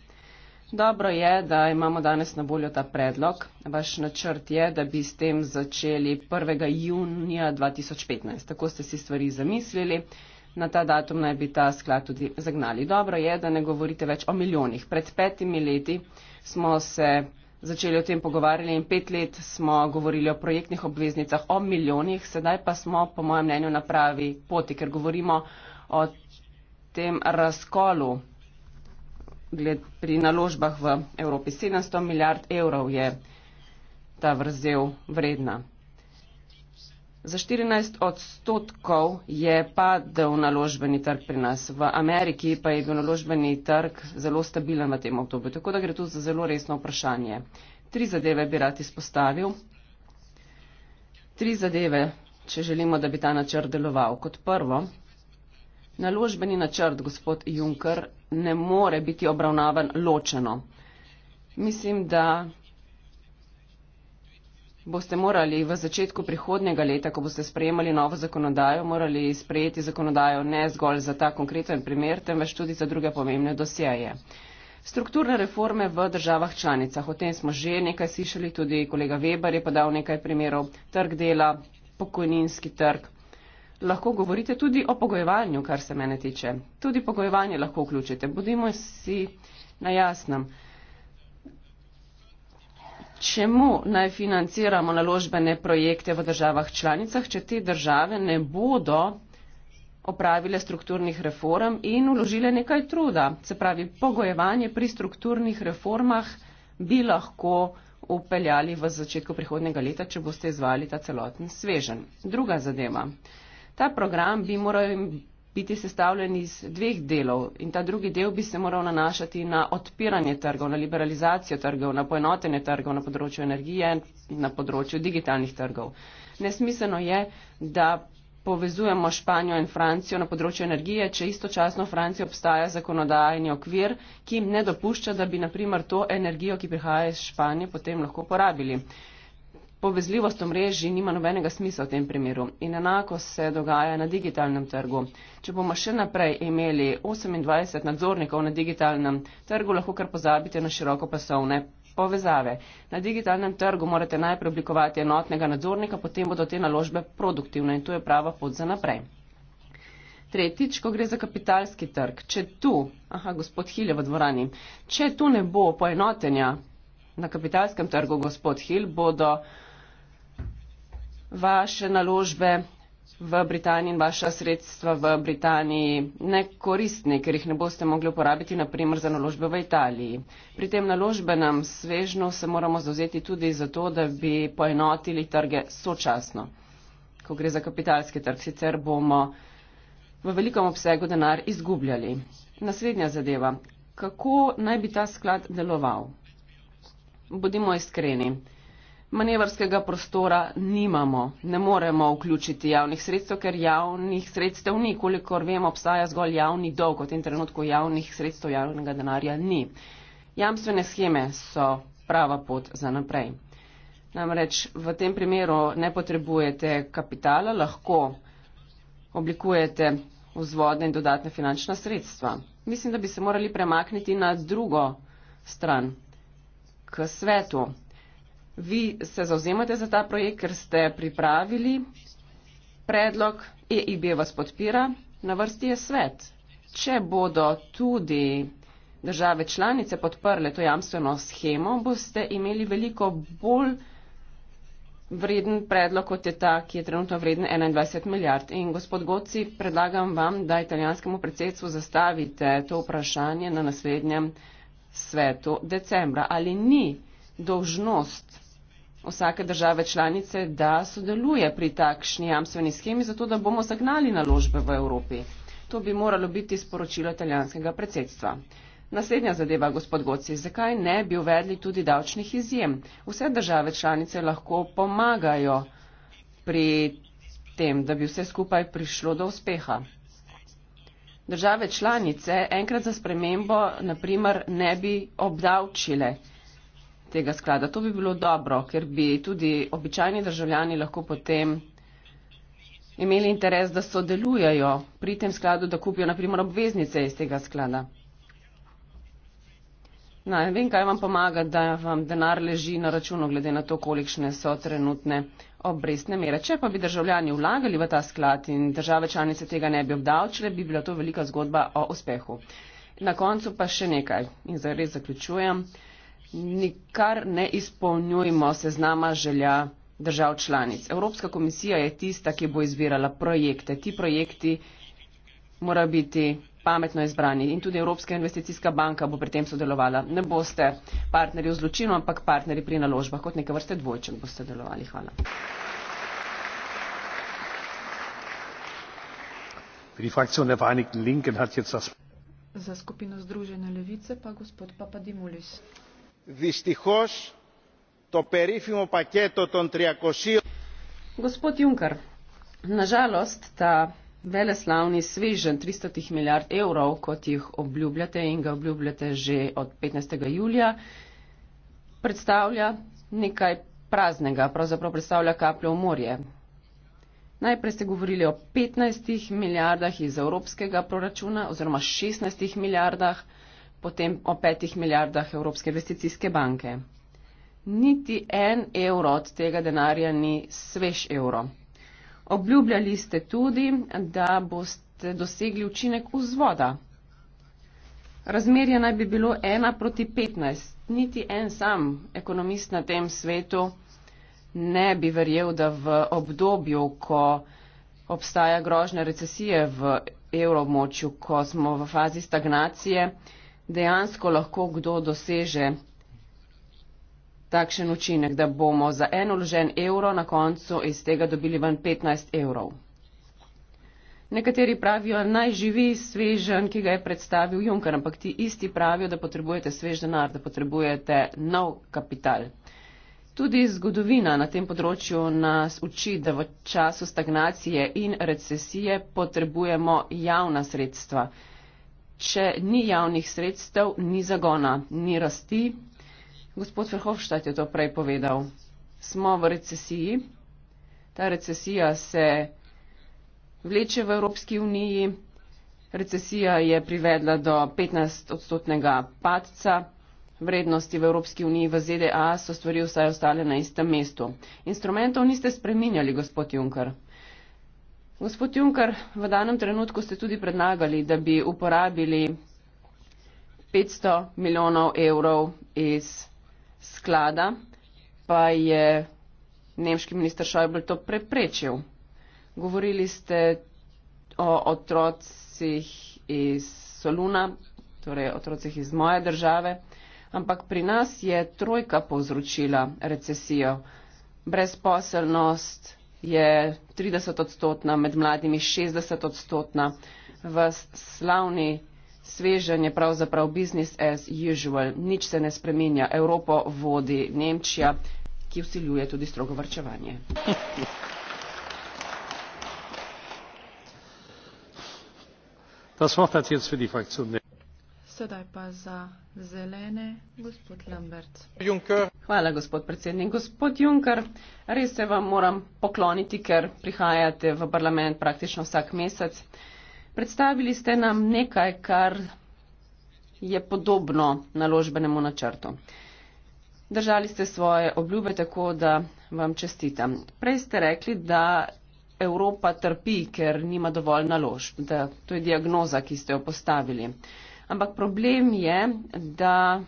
dobro je da imamo danes na voljo ta predlog vaš načrt je da bi s tem začeli 1. junija 2015 tako ste si stvari zamislili na ta datum naj bi ta sklad tudi zagnali. Dobro je, da ne govorite več o milijonih. Pred petimi leti smo se začeli o tem pogovarjali in pet let smo govorili o projektnih obveznicah, o milijonih, sedaj pa smo, po mojem mnenju, na pravi poti, ker govorimo o tem razkolu gled, pri naložbah v Evropi. 700 milijard evrov je ta vrzel vredna. Za 14 odstotkov je padel naložbeni trg pri nas. V Ameriki pa je bil naložbeni trg zelo stabilen v tem obdobju, tako da gre tu za zelo resno vprašanje. Tri zadeve bi rad izpostavil. Tri zadeve, če želimo, da bi ta načrt deloval. Kot prvo, naložbeni načrt, gospod Juncker, ne more biti obravnavan ločeno. Mislim, da boste morali v začetku prihodnega leta, ko boste sprejemali novo zakonodajo, morali sprejeti zakonodajo ne zgolj za ta konkreten primer, temveč tudi za druge pomembne dosjeje. Strukturne reforme v državah članicah, o tem smo že nekaj slišali, tudi kolega Weber je podal nekaj primerov, trg dela, pokojninski trg. Lahko govorite tudi o pogojevanju, kar se mene tiče. Tudi pogojevanje lahko vključite. Bodimo si na jasnem čemu naj financiramo naložbene projekte v državah članicah, če te države ne bodo opravile strukturnih reform in uložile nekaj truda. Se pravi, pogojevanje pri strukturnih reformah bi lahko upeljali v začetku prihodnega leta, če boste izvali ta celoten svežen. Druga zadeva. Ta program bi moral biti sestavljen iz dveh delov in ta drugi del bi se moral nanašati na odpiranje trgov, na liberalizacijo trgov, na poenotenje trgov na področju energije, na področju digitalnih trgov. Nesmiselno je, da povezujemo Španijo in Francijo na področju energije, če istočasno v Franciji obstaja zakonodajni okvir, ki jim ne dopušča, da bi naprimer to energijo, ki prihaja iz Španije, potem lahko porabili. Povezljivost omrežji nima nobenega smisla v tem primeru in enako se dogaja na digitalnem trgu. Če bomo še naprej imeli 28 nadzornikov na digitalnem trgu, lahko kar pozabite na široko pasovne povezave. Na digitalnem trgu morate najprej oblikovati enotnega nadzornika, potem bodo te naložbe produktivne in to je prava pot za naprej. Tretjič, ko gre za kapitalski trg, če tu, aha, gospod Hilje v dvorani, če tu ne bo poenotenja. Na kapitalskem trgu gospod Hill bodo vaše naložbe v Britaniji in vaša sredstva v Britaniji nekoristni, ker jih ne boste mogli uporabiti, naprimer, za naložbe v Italiji. Pri tem naložbenem svežnu se moramo zauzeti tudi za to, da bi poenotili trge sočasno. Ko gre za kapitalski trg, sicer bomo v velikem obsegu denar izgubljali. Naslednja zadeva. Kako naj bi ta sklad deloval? Bodimo iskreni manevrskega prostora nimamo, ne moremo vključiti javnih sredstev, ker javnih sredstev ni, kolikor vemo, obstaja zgolj javni dolg, v tem trenutku javnih sredstev javnega denarja ni. Jamstvene scheme so prava pot za naprej. Namreč v tem primeru ne potrebujete kapitala, lahko oblikujete vzvodne in dodatne finančna sredstva. Mislim, da bi se morali premakniti na drugo stran, k svetu vi se zauzemate za ta projekt, ker ste pripravili predlog, EIB vas podpira, na vrsti je svet. Če bodo tudi države članice podprle to jamstveno schemo, boste imeli veliko bolj vreden predlog, kot je ta, ki je trenutno vreden 21 milijard. In gospod Goci, predlagam vam, da italijanskemu predsedstvu zastavite to vprašanje na naslednjem svetu decembra. Ali ni dolžnost vsake države članice, da sodeluje pri takšni jamstveni schemi, zato da bomo zagnali naložbe v Evropi. To bi moralo biti sporočilo italijanskega predsedstva. Naslednja zadeva, gospod Goci, zakaj ne bi uvedli tudi davčnih izjem? Vse države članice lahko pomagajo pri tem, da bi vse skupaj prišlo do uspeha. Države članice enkrat za spremembo, naprimer, ne bi obdavčile tega sklada. To bi bilo dobro, ker bi tudi običajni državljani lahko potem imeli interes, da sodelujajo pri tem skladu, da kupijo naprimer obveznice iz tega sklada. Na, no, vem, kaj vam pomaga, da vam denar leži na računu, glede na to, kolikšne so trenutne obrestne mere. Če pa bi državljani vlagali v ta sklad in države članice tega ne bi obdavčile, bi bila to velika zgodba o uspehu. Na koncu pa še nekaj in zares zaključujem nikar ne izpolnjujemo seznama želja držav članic. Evropska komisija je tista, ki bo izbirala projekte. Ti projekti morajo biti pametno izbrani in tudi Evropska investicijska banka bo pri tem sodelovala. Ne boste partnerji v zločinu, ampak partnerji pri naložbah, kot neke vrste dvojček boste delovali. Hvala. Za skupino Združene levice pa gospod Papadimulis δυστυχώς το περίφημο πακέτο των 300... Gospod Juncker, nažalost ta veleslavni svežen 300 milijard evrov, kot jih obljubljate in ga obljubljate že od 15. julija, predstavlja nekaj praznega, pravzaprav predstavlja kapljo v morje. Najprej ste govorili o 15 milijardah iz evropskega proračuna oziroma 16 milijardah, potem o petih milijardah Evropske investicijske banke. Niti en evro od tega denarja ni svež evro. Obljubljali ste tudi, da boste dosegli učinek vzvoda. Razmerje naj bi bilo ena proti petnajst. Niti en sam ekonomist na tem svetu ne bi verjel, da v obdobju, ko obstaja grožna recesije v evroobmočju, ko smo v fazi stagnacije, dejansko lahko kdo doseže takšen učinek, da bomo za en vložen evro na koncu iz tega dobili ven 15 evrov. Nekateri pravijo, naj živi svežen, ki ga je predstavil Juncker, ampak ti isti pravijo, da potrebujete svež denar, da potrebujete nov kapital. Tudi zgodovina na tem področju nas uči, da v času stagnacije in recesije potrebujemo javna sredstva če ni javnih sredstev, ni zagona, ni rasti. Gospod Verhofstadt je to prej povedal. Smo v recesiji. Ta recesija se vleče v Evropski uniji. Recesija je privedla do 15-odstotnega padca. Vrednosti v Evropski uniji v ZDA so stvari vsaj ostale na istem mestu. Instrumentov niste spreminjali, gospod Juncker. Gospod Junkar, v danem trenutku ste tudi predlagali, da bi uporabili 500 milijonov evrov iz sklada, pa je nemški minister Šojbl to preprečil. Govorili ste o otrocih iz Soluna, torej otrocih iz moje države, ampak pri nas je trojka povzročila recesijo, brezposelnost, je 30 odstotna, med mladimi 60 odstotna. V slavni svežen je pravzaprav business as usual, nič se ne spreminja. Evropo vodi Nemčija, ki usiljuje tudi strogo vrčevanje. Das Wort hat jetzt für die Fraktion. Sedaj pa za zelene, gospod Lambert. Junker. Hvala, gospod predsednik. Gospod Juncker, res se vam moram pokloniti, ker prihajate v parlament praktično vsak mesec. Predstavili ste nam nekaj, kar je podobno naložbenemu načrtu. Držali ste svoje obljube tako, da vam čestitam. Prej ste rekli, da Evropa trpi, ker nima dovolj naložb, da to je diagnoza, ki ste jo postavili. Ampak problem je, da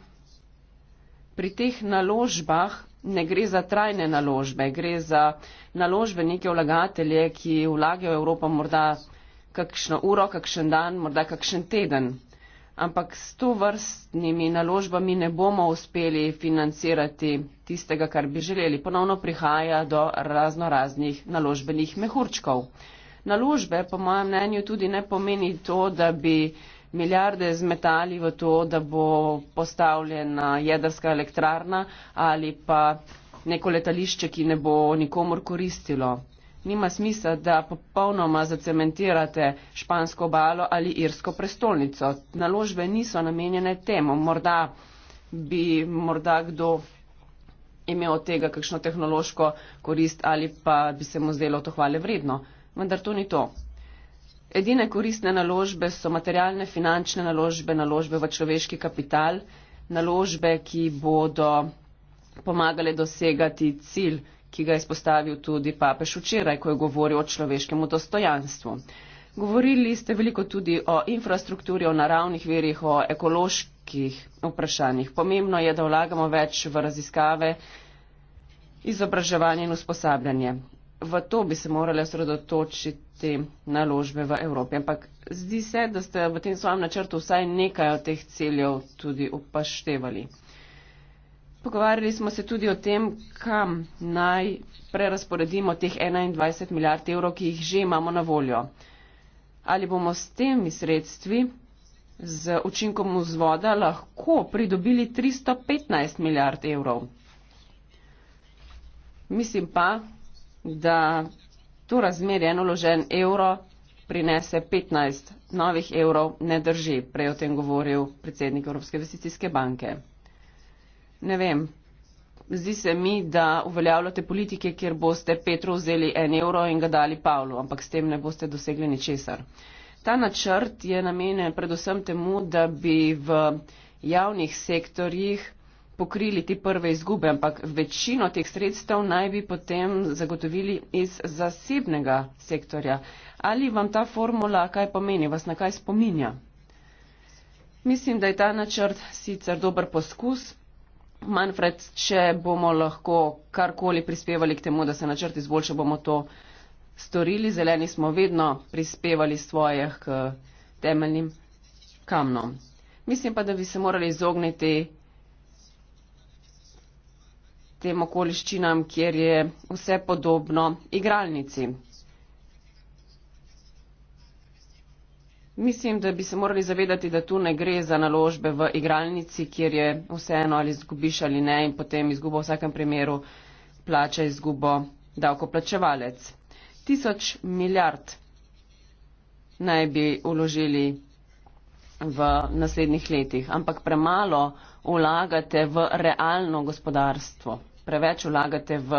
pri teh naložbah ne gre za trajne naložbe, gre za naložbe neke vlagatelje, ki vlagajo v Evropo morda kakšno uro, kakšen dan, morda kakšen teden. Ampak s to vrstnimi naložbami ne bomo uspeli financirati tistega, kar bi želeli. Ponovno prihaja do razno raznih naložbenih mehurčkov. Naložbe, po mojem mnenju, tudi ne pomeni to, da bi milijarde zmetali v to, da bo postavljena jedrska elektrarna ali pa neko letališče, ki ne bo nikomor koristilo. Nima smisla, da popolnoma zacementirate špansko balo ali irsko prestolnico. Naložbe niso namenjene temu. Morda bi morda kdo imel od tega kakšno tehnološko korist ali pa bi se mu zdelo to hvale vredno. Vendar to ni to. Edine koristne naložbe so materialne finančne naložbe, naložbe v človeški kapital, naložbe, ki bodo pomagale dosegati cilj, ki ga je spostavil tudi papež včeraj, ko je govoril o človeškem dostojanstvu. Govorili ste veliko tudi o infrastrukturi, o naravnih verjih, o ekoloških vprašanjih. Pomembno je, da vlagamo več v raziskave, izobraževanje in usposabljanje v to bi se morale osredotočiti naložbe v Evropi. Ampak zdi se, da ste v tem svojem načrtu vsaj nekaj od teh ciljev tudi upaštevali. Pogovarjali smo se tudi o tem, kam naj prerasporedimo teh 21 milijard evrov, ki jih že imamo na voljo. Ali bomo s temi sredstvi z učinkom vzvoda lahko pridobili 315 milijard evrov? Mislim pa, da to razmerje en uložen evro prinese 15 novih evrov, ne drži, prej o tem govoril predsednik Evropske investicijske banke. Ne vem, zdi se mi, da uveljavljate politike, kjer boste Petru vzeli en evro in ga dali Pavlu, ampak s tem ne boste dosegli ničesar. Ta načrt je namenjen predvsem temu, da bi v javnih sektorjih pokrili te prve izgube, ampak večino teh sredstev naj bi potem zagotovili iz zasebnega sektorja. Ali vam ta formula kaj pomeni, vas na kaj spominja? Mislim, da je ta načrt sicer dober poskus. Manfred, če bomo lahko karkoli prispevali k temu, da se načrt izboljša, bomo to storili. Zeleni smo vedno prispevali svoje k temeljnim kamnom. Mislim pa, da bi se morali izogniti tem okoliščinam, kjer je vse podobno igralnici. Mislim, da bi se morali zavedati, da tu ne gre za naložbe v igralnici, kjer je vseeno ali zgubiš ali ne in potem izgubo v vsakem primeru plača izgubo davkoplačevalec. Tisoč milijard naj bi uložili v naslednjih letih, ampak premalo vlagate v realno gospodarstvo preveč vlagate v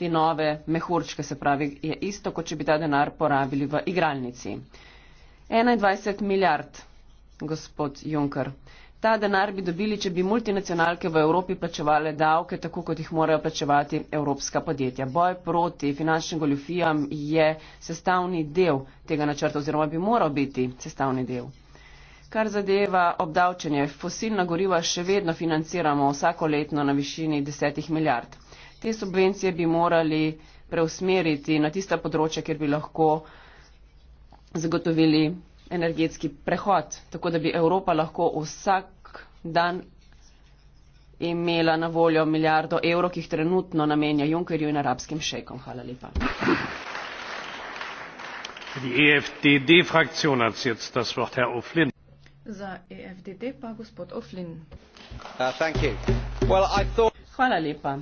te nove mehurčke, se pravi, je isto, kot če bi ta denar porabili v igralnici. 21 milijard, gospod Juncker. Ta denar bi dobili, če bi multinacionalke v Evropi plačevale davke, tako kot jih morajo plačevati evropska podjetja. Boj proti finančnim goljufijam je sestavni del tega načrta oziroma bi moral biti sestavni del. Kar zadeva obdavčenje, fosilna goriva še vedno financiramo vsako letno na višini desetih milijard. Te subvencije bi morali preusmeriti na tista področja, kjer bi lahko zagotovili energetski prehod, tako da bi Evropa lahko vsak dan imela na voljo milijardo evrov, ki jih trenutno namenja Junkerju in arabskim šejkom. Hvala lepa. Die EFTD-Fraktion hat jetzt das Wort, Herr O'Flynn. Za EFDD pa gospod Oflin. Uh, Hvala lepa.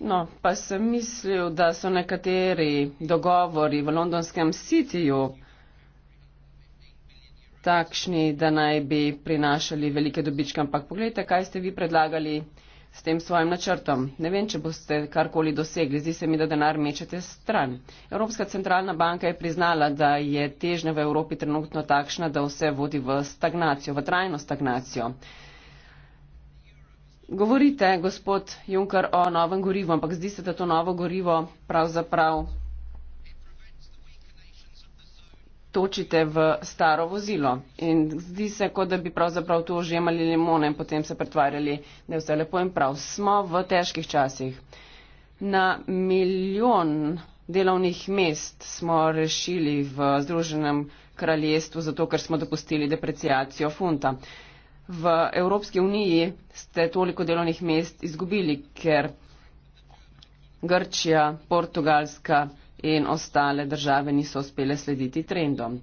No, pa sem mislil, da so nekateri dogovori v londonskem sitiju takšni, da naj bi prinašali velike dobičke, ampak pogledajte, kaj ste vi predlagali s tem svojim načrtom. Ne vem, če boste karkoli dosegli, zdi se mi, da denar mečete stran. Evropska centralna banka je priznala, da je težnja v Evropi trenutno takšna, da vse vodi v stagnacijo, v trajno stagnacijo. Govorite, gospod Juncker, o novem gorivu, ampak zdi se, da to novo gorivo pravzaprav točite v staro vozilo. In zdi se, kot da bi pravzaprav tu ožemali limone in potem se pretvarjali, da je vse lepo in prav. Smo v težkih časih. Na milijon delovnih mest smo rešili v Združenem kraljestvu, zato ker smo dopustili deprecijacijo funta. V Evropski uniji ste toliko delovnih mest izgubili, ker Grčija, Portugalska, in ostale države niso uspele slediti trendom.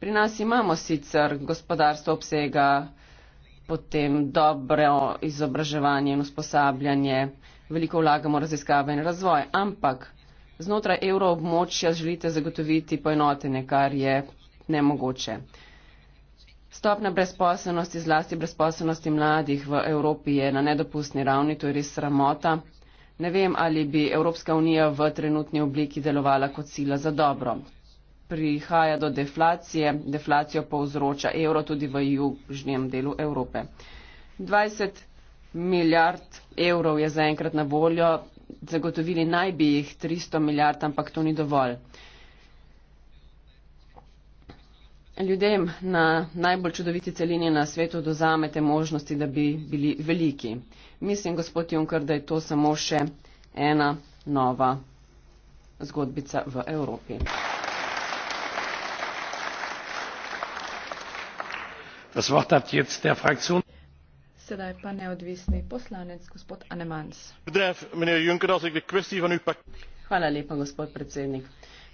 Pri nas imamo sicer gospodarstvo obsega potem dobro izobraževanje in usposabljanje, veliko vlagamo v raziskave in razvoj, ampak znotraj evroobmočja želite zagotoviti poenotenje, kar je nemogoče. Stopna brezposobnosti, zlasti brezposobnosti mladih v Evropi je na nedopustni ravni, to je res sramota. Ne vem, ali bi Evropska unija v trenutni obliki delovala kot sila za dobro. Prihaja do deflacije, deflacijo povzroča evro tudi v južnjem delu Evrope. 20 milijard evrov je zaenkrat na voljo, zagotovili naj bi jih 300 milijard, ampak to ni dovolj. Ljudem na najbolj čudoviti celini na svetu dozamete možnosti, da bi bili veliki. Mislim, gospod Juncker, da je to samo še ena nova zgodbica v Evropi. Sedaj pa neodvisni poslanec, gospod Anemans. Hvala lepa, gospod predsednik.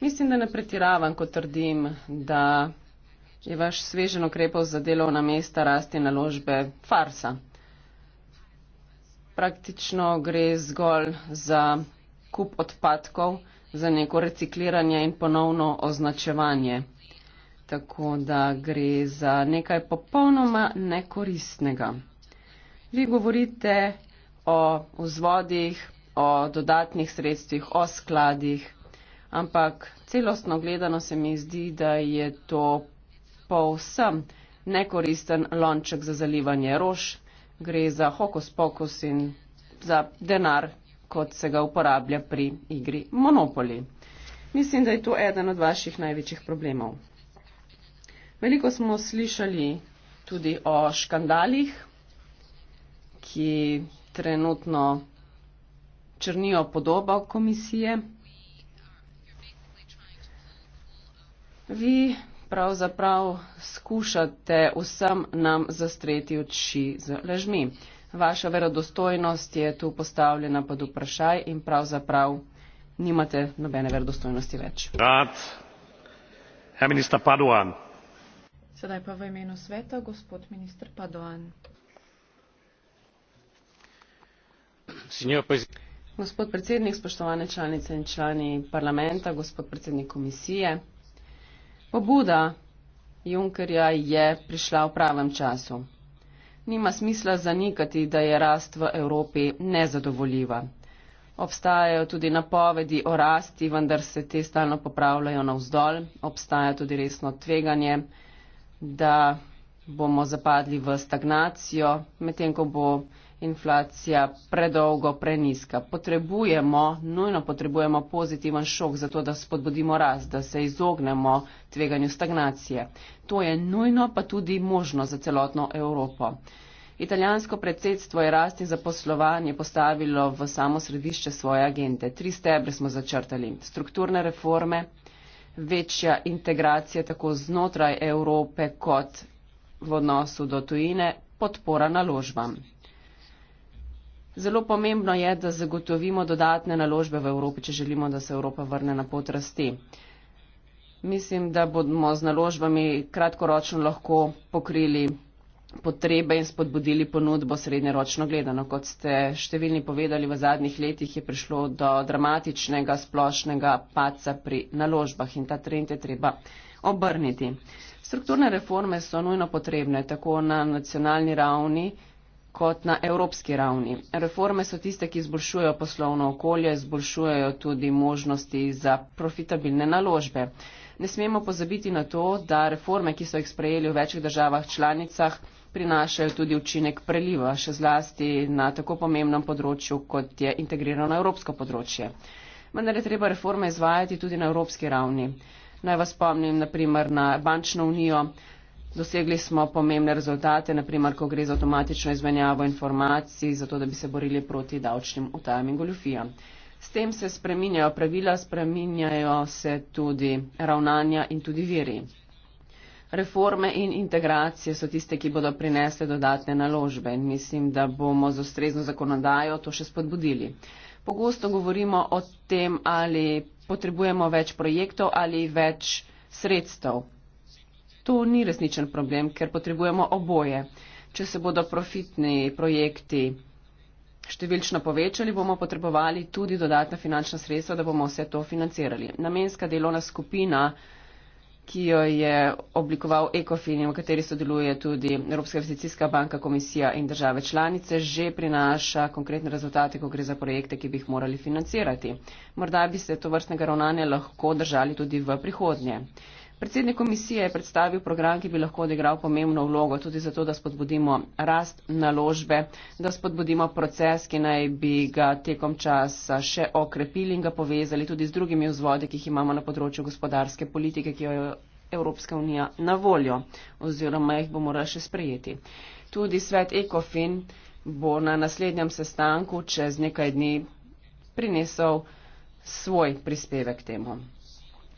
Mislim, da ne pretiravam, ko trdim, da je vaš svežen ukrepov za delovna mesta rasti naložbe farsa. Praktično gre zgolj za kup odpadkov, za neko recikliranje in ponovno označevanje. Tako da gre za nekaj popolnoma nekoristnega. Vi govorite o vzvodih, o dodatnih sredstvih, o skladih, ampak celostno gledano se mi zdi, da je to povsem nekoristen lonček za zalivanje rož, gre za hokus pokus in za denar, kot se ga uporablja pri igri Monopoli. Mislim, da je to eden od vaših največjih problemov. Veliko smo slišali tudi o škandalih, ki trenutno črnijo podobo komisije. Vi pravzaprav skušate vsem nam zastreti oči z lažmi. Vaša verodostojnost je tu postavljena pod vprašaj in pravzaprav nimate nobene verodostojnosti več. Rad, herr minister Paduan. Sedaj pa v imenu sveta, gospod minister Paduan. Gospod predsednik, spoštovane članice in člani parlamenta, gospod predsednik komisije. Pobuda Junkerja je prišla v pravem času. Nima smisla zanikati, da je rast v Evropi nezadovoljiva. Obstajajo tudi napovedi o rasti, vendar se te stalno popravljajo navzdolj. Obstaja tudi resno tveganje, da bomo zapadli v stagnacijo, medtem ko bo inflacija predolgo, preniska. Potrebujemo, nujno potrebujemo pozitiven šok za to, da spodbudimo rast, da se izognemo tveganju stagnacije. To je nujno, pa tudi možno za celotno Evropo. Italijansko predsedstvo je rast in zaposlovanje postavilo v samo središče svoje agende. Tri stebre smo začrtali. Strukturne reforme, večja integracija tako znotraj Evrope kot v odnosu do tujine, podpora naložbam. Zelo pomembno je, da zagotovimo dodatne naložbe v Evropi, če želimo, da se Evropa vrne na pot rasti. Mislim, da bomo z naložbami kratkoročno lahko pokrili potrebe in spodbudili ponudbo srednjeročno gledano. Kot ste številni povedali, v zadnjih letih je prišlo do dramatičnega splošnega paca pri naložbah in ta trend je treba obrniti. Strukturne reforme so nujno potrebne tako na nacionalni ravni, kot na evropski ravni. Reforme so tiste, ki izboljšujejo poslovno okolje, izboljšujejo tudi možnosti za profitabilne naložbe. Ne smemo pozabiti na to, da reforme, ki so jih sprejeli v večjih državah članicah, prinašajo tudi učinek preliva, še zlasti na tako pomembnem področju, kot je integrirano evropsko področje. Vendar je treba reforme izvajati tudi na evropski ravni. Naj vas spomnim, naprimer, na bančno unijo. Dosegli smo pomembne rezultate, naprimer, ko gre za avtomatično izmenjavo informacij, zato da bi se borili proti davčnim utajam in goljufijam. S tem se spreminjajo pravila, spreminjajo se tudi ravnanja in tudi viri. Reforme in integracije so tiste, ki bodo prinesle dodatne naložbe in mislim, da bomo z ustrezno zakonodajo to še spodbudili. Pogosto govorimo o tem, ali potrebujemo več projektov ali več sredstev. To ni resničen problem, ker potrebujemo oboje. Če se bodo profitni projekti številčno povečali, bomo potrebovali tudi dodatna finančna sredstva, da bomo vse to financirali. Namenska delovna skupina, ki jo je oblikoval ECOFIN in v kateri sodeluje tudi Evropska investicijska banka, komisija in države članice, že prinaša konkretne rezultate, ko gre za projekte, ki bi jih morali financirati. Morda bi se to vrstnega ravnanja lahko držali tudi v prihodnje. Predsednik komisije je predstavil program, ki bi lahko odigral pomembno vlogo tudi zato, da spodbudimo rast naložbe, da spodbudimo proces, ki naj bi ga tekom časa še okrepili in ga povezali tudi z drugimi vzvodi, ki jih imamo na področju gospodarske politike, ki jo je Evropska unija na voljo oziroma jih bo morala še sprejeti. Tudi svet ECOFIN bo na naslednjem sestanku čez nekaj dni prinesel svoj prispevek temu.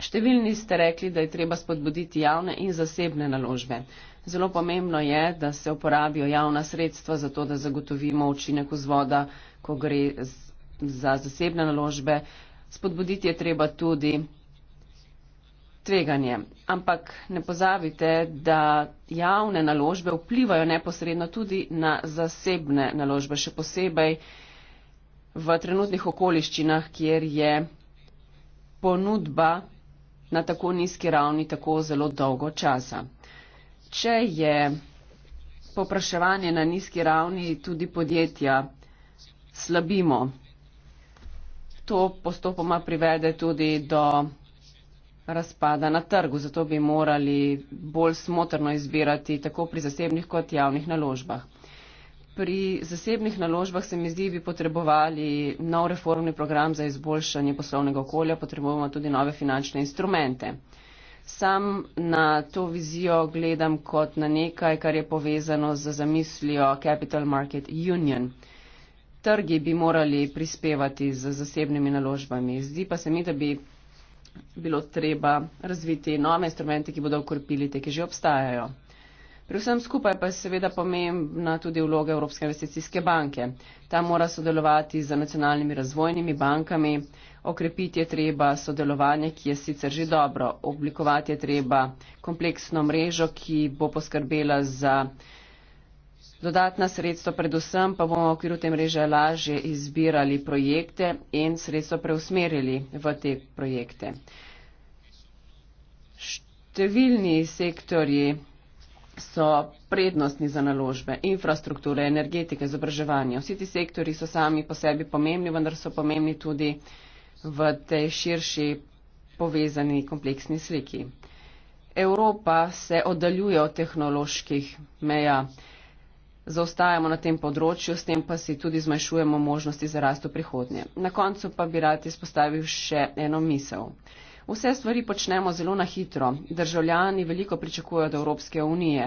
Številni ste rekli, da je treba spodbuditi javne in zasebne naložbe. Zelo pomembno je, da se uporabijo javna sredstva za to, da zagotovimo učinek vzvoda, ko gre za zasebne naložbe. Spodbuditi je treba tudi tveganje. Ampak ne pozabite, da javne naložbe vplivajo neposredno tudi na zasebne naložbe, še posebej v trenutnih okoliščinah, kjer je ponudba na tako nizki ravni tako zelo dolgo časa. Če je popraševanje na nizki ravni, tudi podjetja slabimo. To postopoma privede tudi do razpada na trgu, zato bi morali bolj smotrno izbirati tako pri zasebnih kot javnih naložbah. Pri zasebnih naložbah se mi zdi, bi potrebovali nov reformni program za izboljšanje poslovnega okolja, potrebujemo tudi nove finančne instrumente. Sam na to vizijo gledam kot na nekaj, kar je povezano z zamislijo Capital Market Union. Trgi bi morali prispevati z zasebnimi naložbami. Zdi pa se mi, da bi bilo treba razviti nove instrumente, ki bodo ukrpili te, ki že obstajajo. Pri vsem skupaj pa je seveda pomembna tudi vloga Evropske investicijske banke. Ta mora sodelovati z nacionalnimi razvojnimi bankami, okrepiti je treba sodelovanje, ki je sicer že dobro, oblikovati je treba kompleksno mrežo, ki bo poskrbela za dodatna sredstva, predvsem pa bomo v okviru te mreže lažje izbirali projekte in sredstva preusmerili v te projekte. Številni sektorji so prednostni za naložbe, infrastrukture, energetike, izobraževanje. Vsi ti sektori so sami po sebi pomembni, vendar so pomembni tudi v tej širši povezani kompleksni sliki. Evropa se oddaljuje od tehnoloških meja. Zaostajamo na tem področju, s tem pa si tudi zmanjšujemo možnosti za rast v prihodnje. Na koncu pa bi rad izpostavil še eno misel. Vse stvari počnemo zelo na hitro. Državljani veliko pričakujejo od Evropske unije.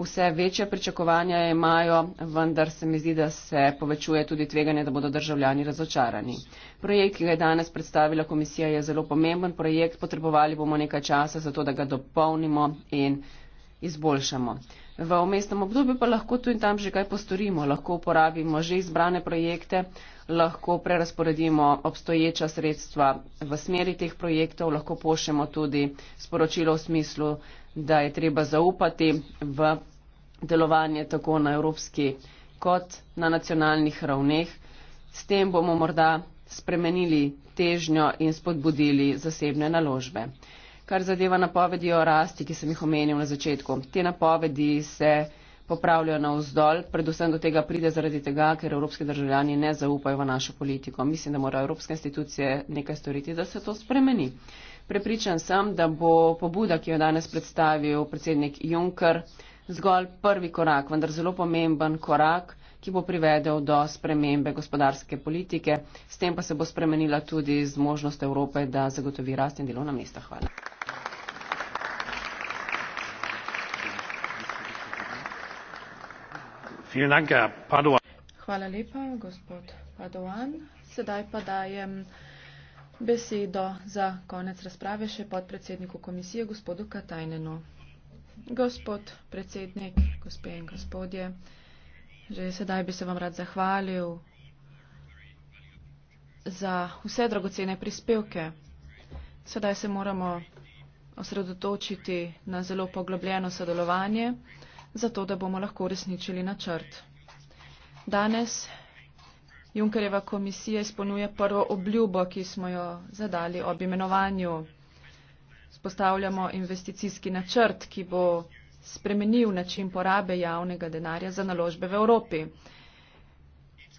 Vse večje pričakovanja imajo, vendar se mi zdi, da se povečuje tudi tveganje, da bodo državljani razočarani. Projekt, ki ga je danes predstavila komisija, je zelo pomemben projekt. Potrebovali bomo nekaj časa za to, da ga dopolnimo in izboljšamo. V omestnem obdobju pa lahko tu in tam že kaj postorimo, lahko uporabimo že izbrane projekte, lahko prerasporedimo obstoječa sredstva v smeri teh projektov, lahko pošljemo tudi sporočilo v smislu, da je treba zaupati v delovanje tako na evropski kot na nacionalnih ravneh. S tem bomo morda spremenili težnjo in spodbudili zasebne naložbe kar zadeva napovedi o rasti, ki sem jih omenil na začetku. Te napovedi se popravljajo na vzdolj, predvsem do tega pride zaradi tega, ker evropski državljani ne zaupajo v našo politiko. Mislim, da morajo evropske institucije nekaj storiti, da se to spremeni. Prepričan sem, da bo pobuda, ki jo danes predstavil predsednik Juncker, zgolj prvi korak, vendar zelo pomemben korak ki bo privedel do spremembe gospodarske politike. S tem pa se bo spremenila tudi zmožnost Evrope, da zagotovi rast in delovna mesta. Hvala. Hvala lepa, gospod Padovan. Sedaj pa dajem besedo za konec razprave še podpredsedniku komisije, gospodu Katajnenu. Gospod predsednik, gospe in gospodje. Že sedaj bi se vam rad zahvalil za vse dragocene prispevke. Sedaj se moramo osredotočiti na zelo poglobljeno sodelovanje, zato da bomo lahko resničili načrt. Danes Junkereva komisija izpolnjuje prvo obljubo, ki smo jo zadali ob imenovanju. Spostavljamo investicijski načrt, ki bo spremenil način porabe javnega denarja za naložbe v Evropi.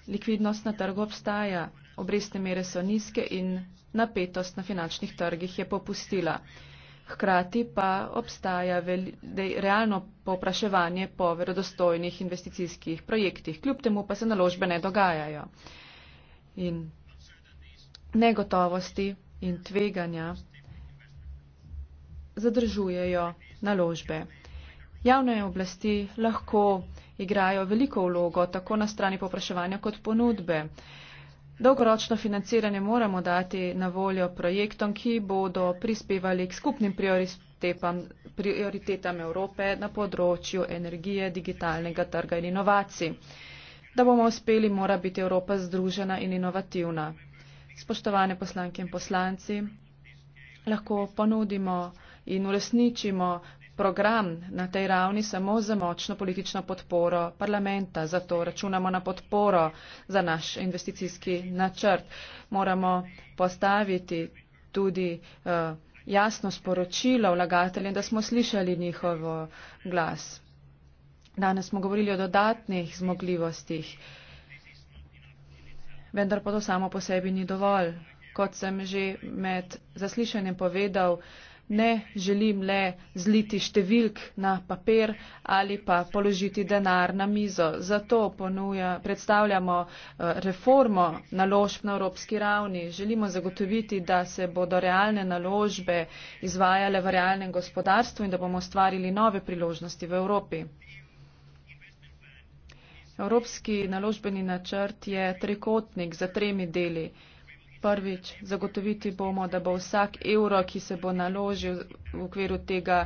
Likvidnost na trgu obstaja, obrestne mere so nizke in napetost na finančnih trgih je popustila. Hkrati pa obstaja realno povpraševanje po verodostojnih investicijskih projektih, kljub temu pa se naložbe ne dogajajo. In negotovosti in tveganja zadržujejo naložbe. Javne oblasti lahko igrajo veliko vlogo, tako na strani popraševanja kot ponudbe. Dolgoročno financiranje moramo dati na voljo projektom, ki bodo prispevali k skupnim prioritetam, prioritetam Evrope na področju energije, digitalnega trga in inovacij. Da bomo uspeli, mora biti Evropa združena in inovativna. Spoštovane poslanke in poslanci, lahko ponudimo in uresničimo program na tej ravni samo za močno politično podporo parlamenta. Zato računamo na podporo za naš investicijski načrt. Moramo postaviti tudi uh, jasno sporočilo vlagateljem, da smo slišali njihov glas. Danes smo govorili o dodatnih zmogljivostih, vendar pa to samo po sebi ni dovolj. Kot sem že med zaslišanjem povedal, uh, ne želim le zliti številk na papir ali pa položiti denar na mizo. Zato ponuja, predstavljamo eh, reformo naložb na evropski ravni. Želimo zagotoviti, da se bodo realne naložbe izvajale v realnem gospodarstvu in da bomo ustvarili nove priložnosti v Evropi. Evropski naložbeni načrt je trikotnik za tremi deli. Prvič, zagotoviti bomo, da bo vsak evro, ki se bo naložil v okviru tega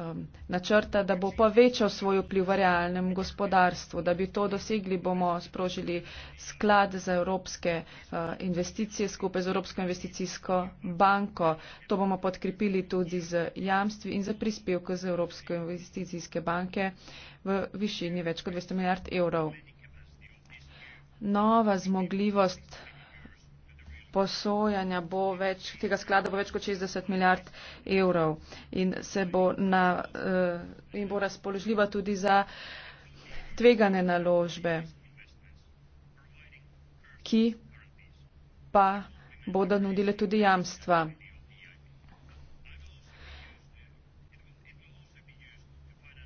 um, načrta, da bo povečal svoj vpliv v realnem gospodarstvu. Da bi to dosegli, bomo sprožili sklad za evropske uh, investicije skupaj z Evropsko investicijsko banko. To bomo podkripili tudi z jamstvi in z prispevko z Evropske investicijske banke v višini več kot 200 milijard evrov. Nova zmogljivost posojanja bo več, tega sklada bo več kot 60 milijard evrov in se bo, na, uh, in bo razpoložljiva tudi za tvegane naložbe, ki pa bodo nudile tudi jamstva.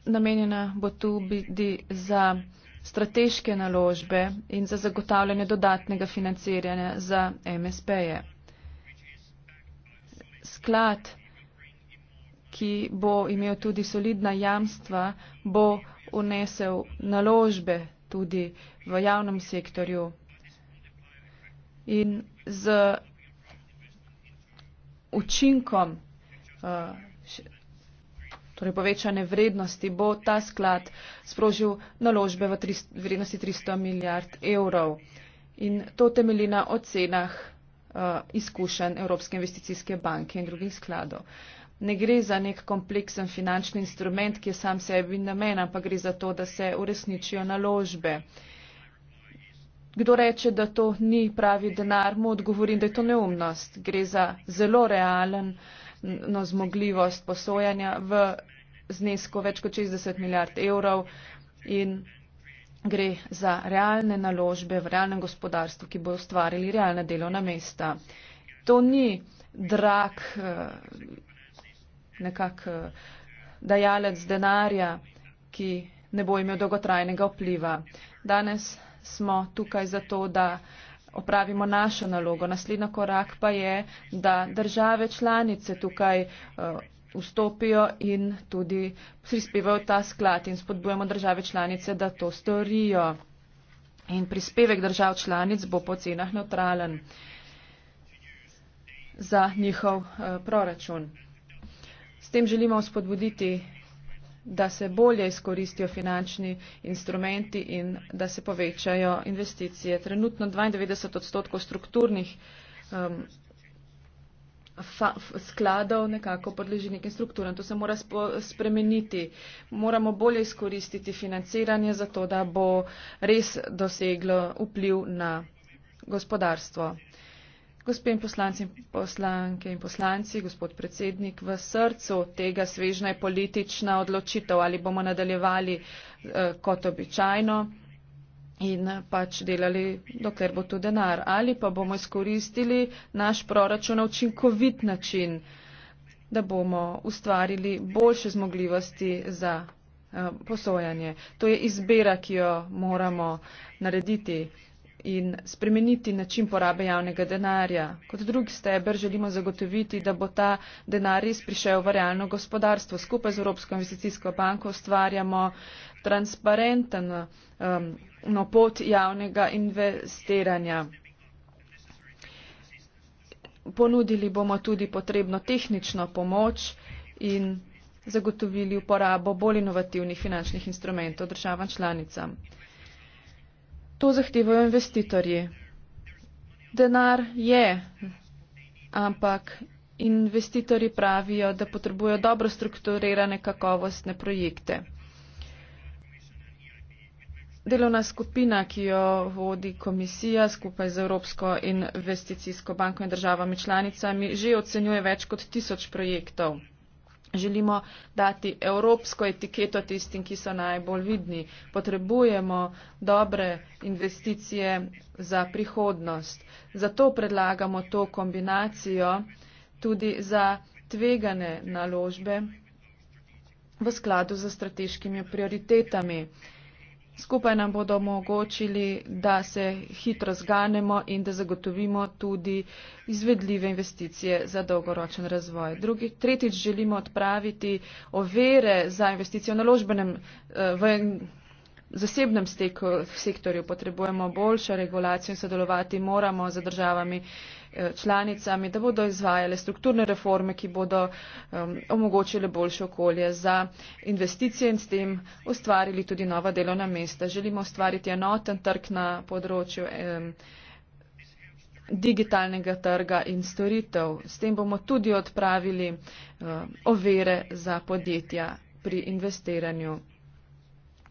Namenjena bo tudi za strateške naložbe in za zagotavljanje dodatnega financiranja za MSP-je. Sklad, ki bo imel tudi solidna jamstva, bo unesel naložbe tudi v javnem sektorju in z učinkom uh, torej povečane vrednosti, bo ta sklad sprožil naložbe v trist, vrednosti 300 milijard evrov. In to temelji na ocenah uh, izkušenj Evropske investicijske banke in drugih skladov. Ne gre za nek kompleksen finančni instrument, ki je sam sebi namen, ampak gre za to, da se uresničijo naložbe. Kdo reče, da to ni pravi denar, mu odgovorim, da je to neumnost. Gre za zelo realen uh, kreditno zmogljivost posojanja v znesko več kot 60 milijard evrov in gre za realne naložbe v realnem gospodarstvu, ki bo ustvarili realna delovna mesta. To ni drag eh, nekak eh, dajalec denarja, ki ne bo imel dolgotrajnega vpliva. Danes smo tukaj zato, da opravimo našo nalogo. Naslednji korak pa je, da države članice tukaj eh, vstopijo in tudi prispevajo ta sklad in spodbujamo države članice, da to storijo. In prispevek držav članic bo po cenah neutralen za njihov eh, proračun. S tem želimo spodbuditi da se bolje izkoristijo finančni instrumenti in da se povečajo investicije. Trenutno 92 odstotkov strukturnih um, skladov nekako podleži nekim strukturam. To se mora spremeniti. Moramo bolje izkoristiti financiranje za to, da bo res doseglo vpliv na gospodarstvo. Gospe in poslanci, poslanke in poslanci, gospod predsednik, v srcu tega svežna je politična odločitev, ali bomo nadaljevali eh, kot običajno in eh, pač delali, dokler bo tu denar, ali pa bomo izkoristili naš proračun na učinkovit način, da bomo ustvarili boljše zmogljivosti za eh, posojanje. To je izbira, ki jo moramo narediti in spremeniti način porabe javnega denarja. Kot drugi steber želimo zagotoviti, da bo ta denar res prišel v realno gospodarstvo. Skupaj z Evropsko investicijsko banko ustvarjamo transparenten um, no, pot javnega investiranja. Ponudili bomo tudi potrebno tehnično pomoč in zagotovili uporabo bolj inovativnih finančnih instrumentov državam članicam. To zahtevajo investitorji. Denar je, ampak investitorji pravijo, da potrebujo dobro strukturirane kakovostne projekte. Delovna skupina, ki jo vodi komisija skupaj z Evropsko investicijsko banko in državami članicami, že ocenjuje več kot tisoč projektov. Želimo dati evropsko etiketo tistim, ki so najbolj vidni. Potrebujemo dobre investicije za prihodnost. Zato predlagamo to kombinacijo tudi za tvegane naložbe v skladu z strateškimi prioritetami skupaj nam bodo omogočili, da se hitro zganemo in da zagotovimo tudi izvedljive investicije za dolgoročen razvoj. Drugi, tretjič želimo odpraviti overe za investicijo v naložbenem. Eh, v, zasebnem steku, sektorju potrebujemo boljšo regulacijo in sodelovati moramo z državami eh, članicami, da bodo izvajale strukturne reforme, ki bodo um, omogočile boljše okolje za investicije in s tem ustvarili tudi nova delovna mesta. Želimo ustvariti enoten trg na področju um, digitalnega trga in storitev. S tem bomo tudi odpravili um, ovire za podjetja pri investiranju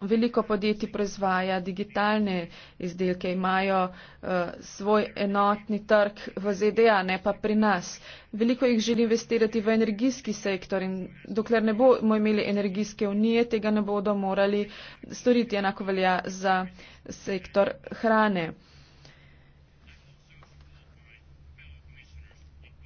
veliko podjetij proizvaja digitalne izdelke, imajo uh, svoj enotni trg v ZDA, ne pa pri nas. Veliko jih želi investirati v energijski sektor in dokler ne bomo imeli energijske unije, tega ne bodo morali storiti. Enako velja za sektor hrane.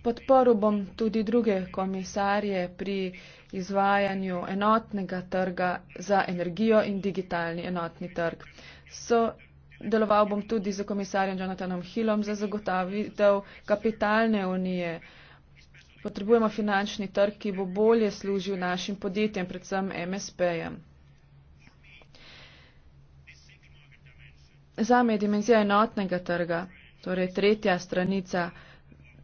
Podporu bom tudi druge komisarje pri. Uh, izvajanju enotnega trga za energijo in digitalni enotni trg. So deloval bom tudi z komisarjem Jonathanom Hillom za zagotavitev kapitalne unije. Potrebujemo finančni trg, ki bo bolje služil našim podjetjem, predvsem MSP-jem. Zame je dimenzija enotnega trga, torej tretja stranica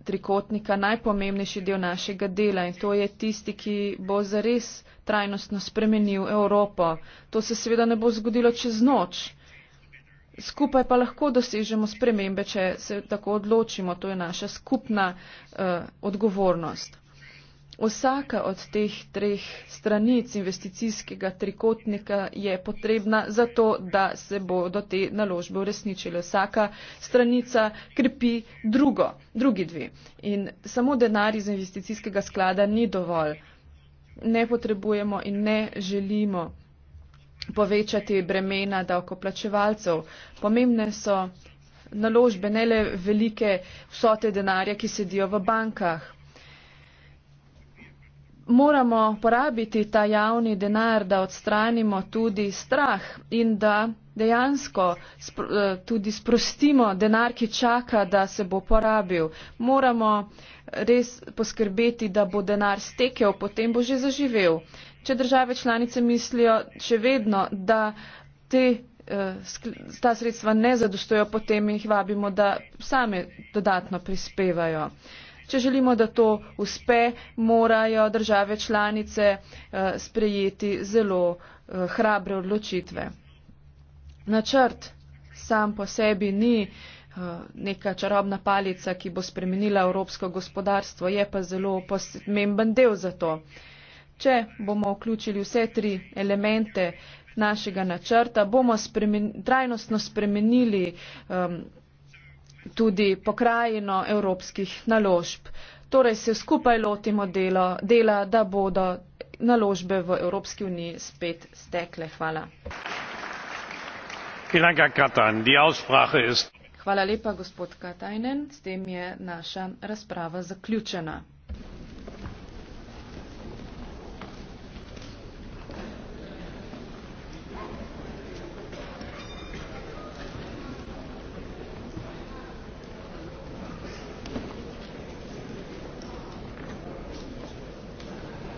trikotnika najpomembnejši del našega dela in to je tisti, ki bo zares trajnostno spremenil Evropo. To se seveda ne bo zgodilo čez noč. Skupaj pa lahko dosežemo spremembe, če se tako odločimo. To je naša skupna uh, odgovornost. Vsaka od teh treh stranic investicijskega trikotnika je potrebna za to, da se bodo te naložbe uresničile. Vsaka stranica krepi drugo, drugi dve. In samo denar iz investicijskega sklada ni dovolj. Ne potrebujemo in ne želimo povečati bremena davkoplačevalcev. Pomembne so naložbe, ne le velike vsote denarja, ki sedijo v bankah moramo porabiti ta javni denar, da odstranimo tudi strah in da dejansko spro, eh, tudi sprostimo denar, ki čaka, da se bo porabil. Moramo res poskrbeti, da bo denar stekel, potem bo že zaživel. Če države članice mislijo še vedno, da te, eh, ta sredstva ne zadostojo, potem jih vabimo, da same dodatno prispevajo. Če želimo, da to uspe, morajo države članice eh, sprejeti zelo eh, hrabre odločitve. Načrt sam po sebi ni eh, neka čarobna palica, ki bo spremenila evropsko gospodarstvo, je pa zelo pomemben del za to. Če bomo vključili vse tri elemente našega načrta, bomo spremen, trajnostno spremenili um, tudi pokrajino evropskih naložb. Torej se skupaj lotimo delo, dela, da bodo naložbe v Evropski uniji spet stekle. Hvala. Hvala lepa, gospod Katajnen. S tem je naša razprava zaključena.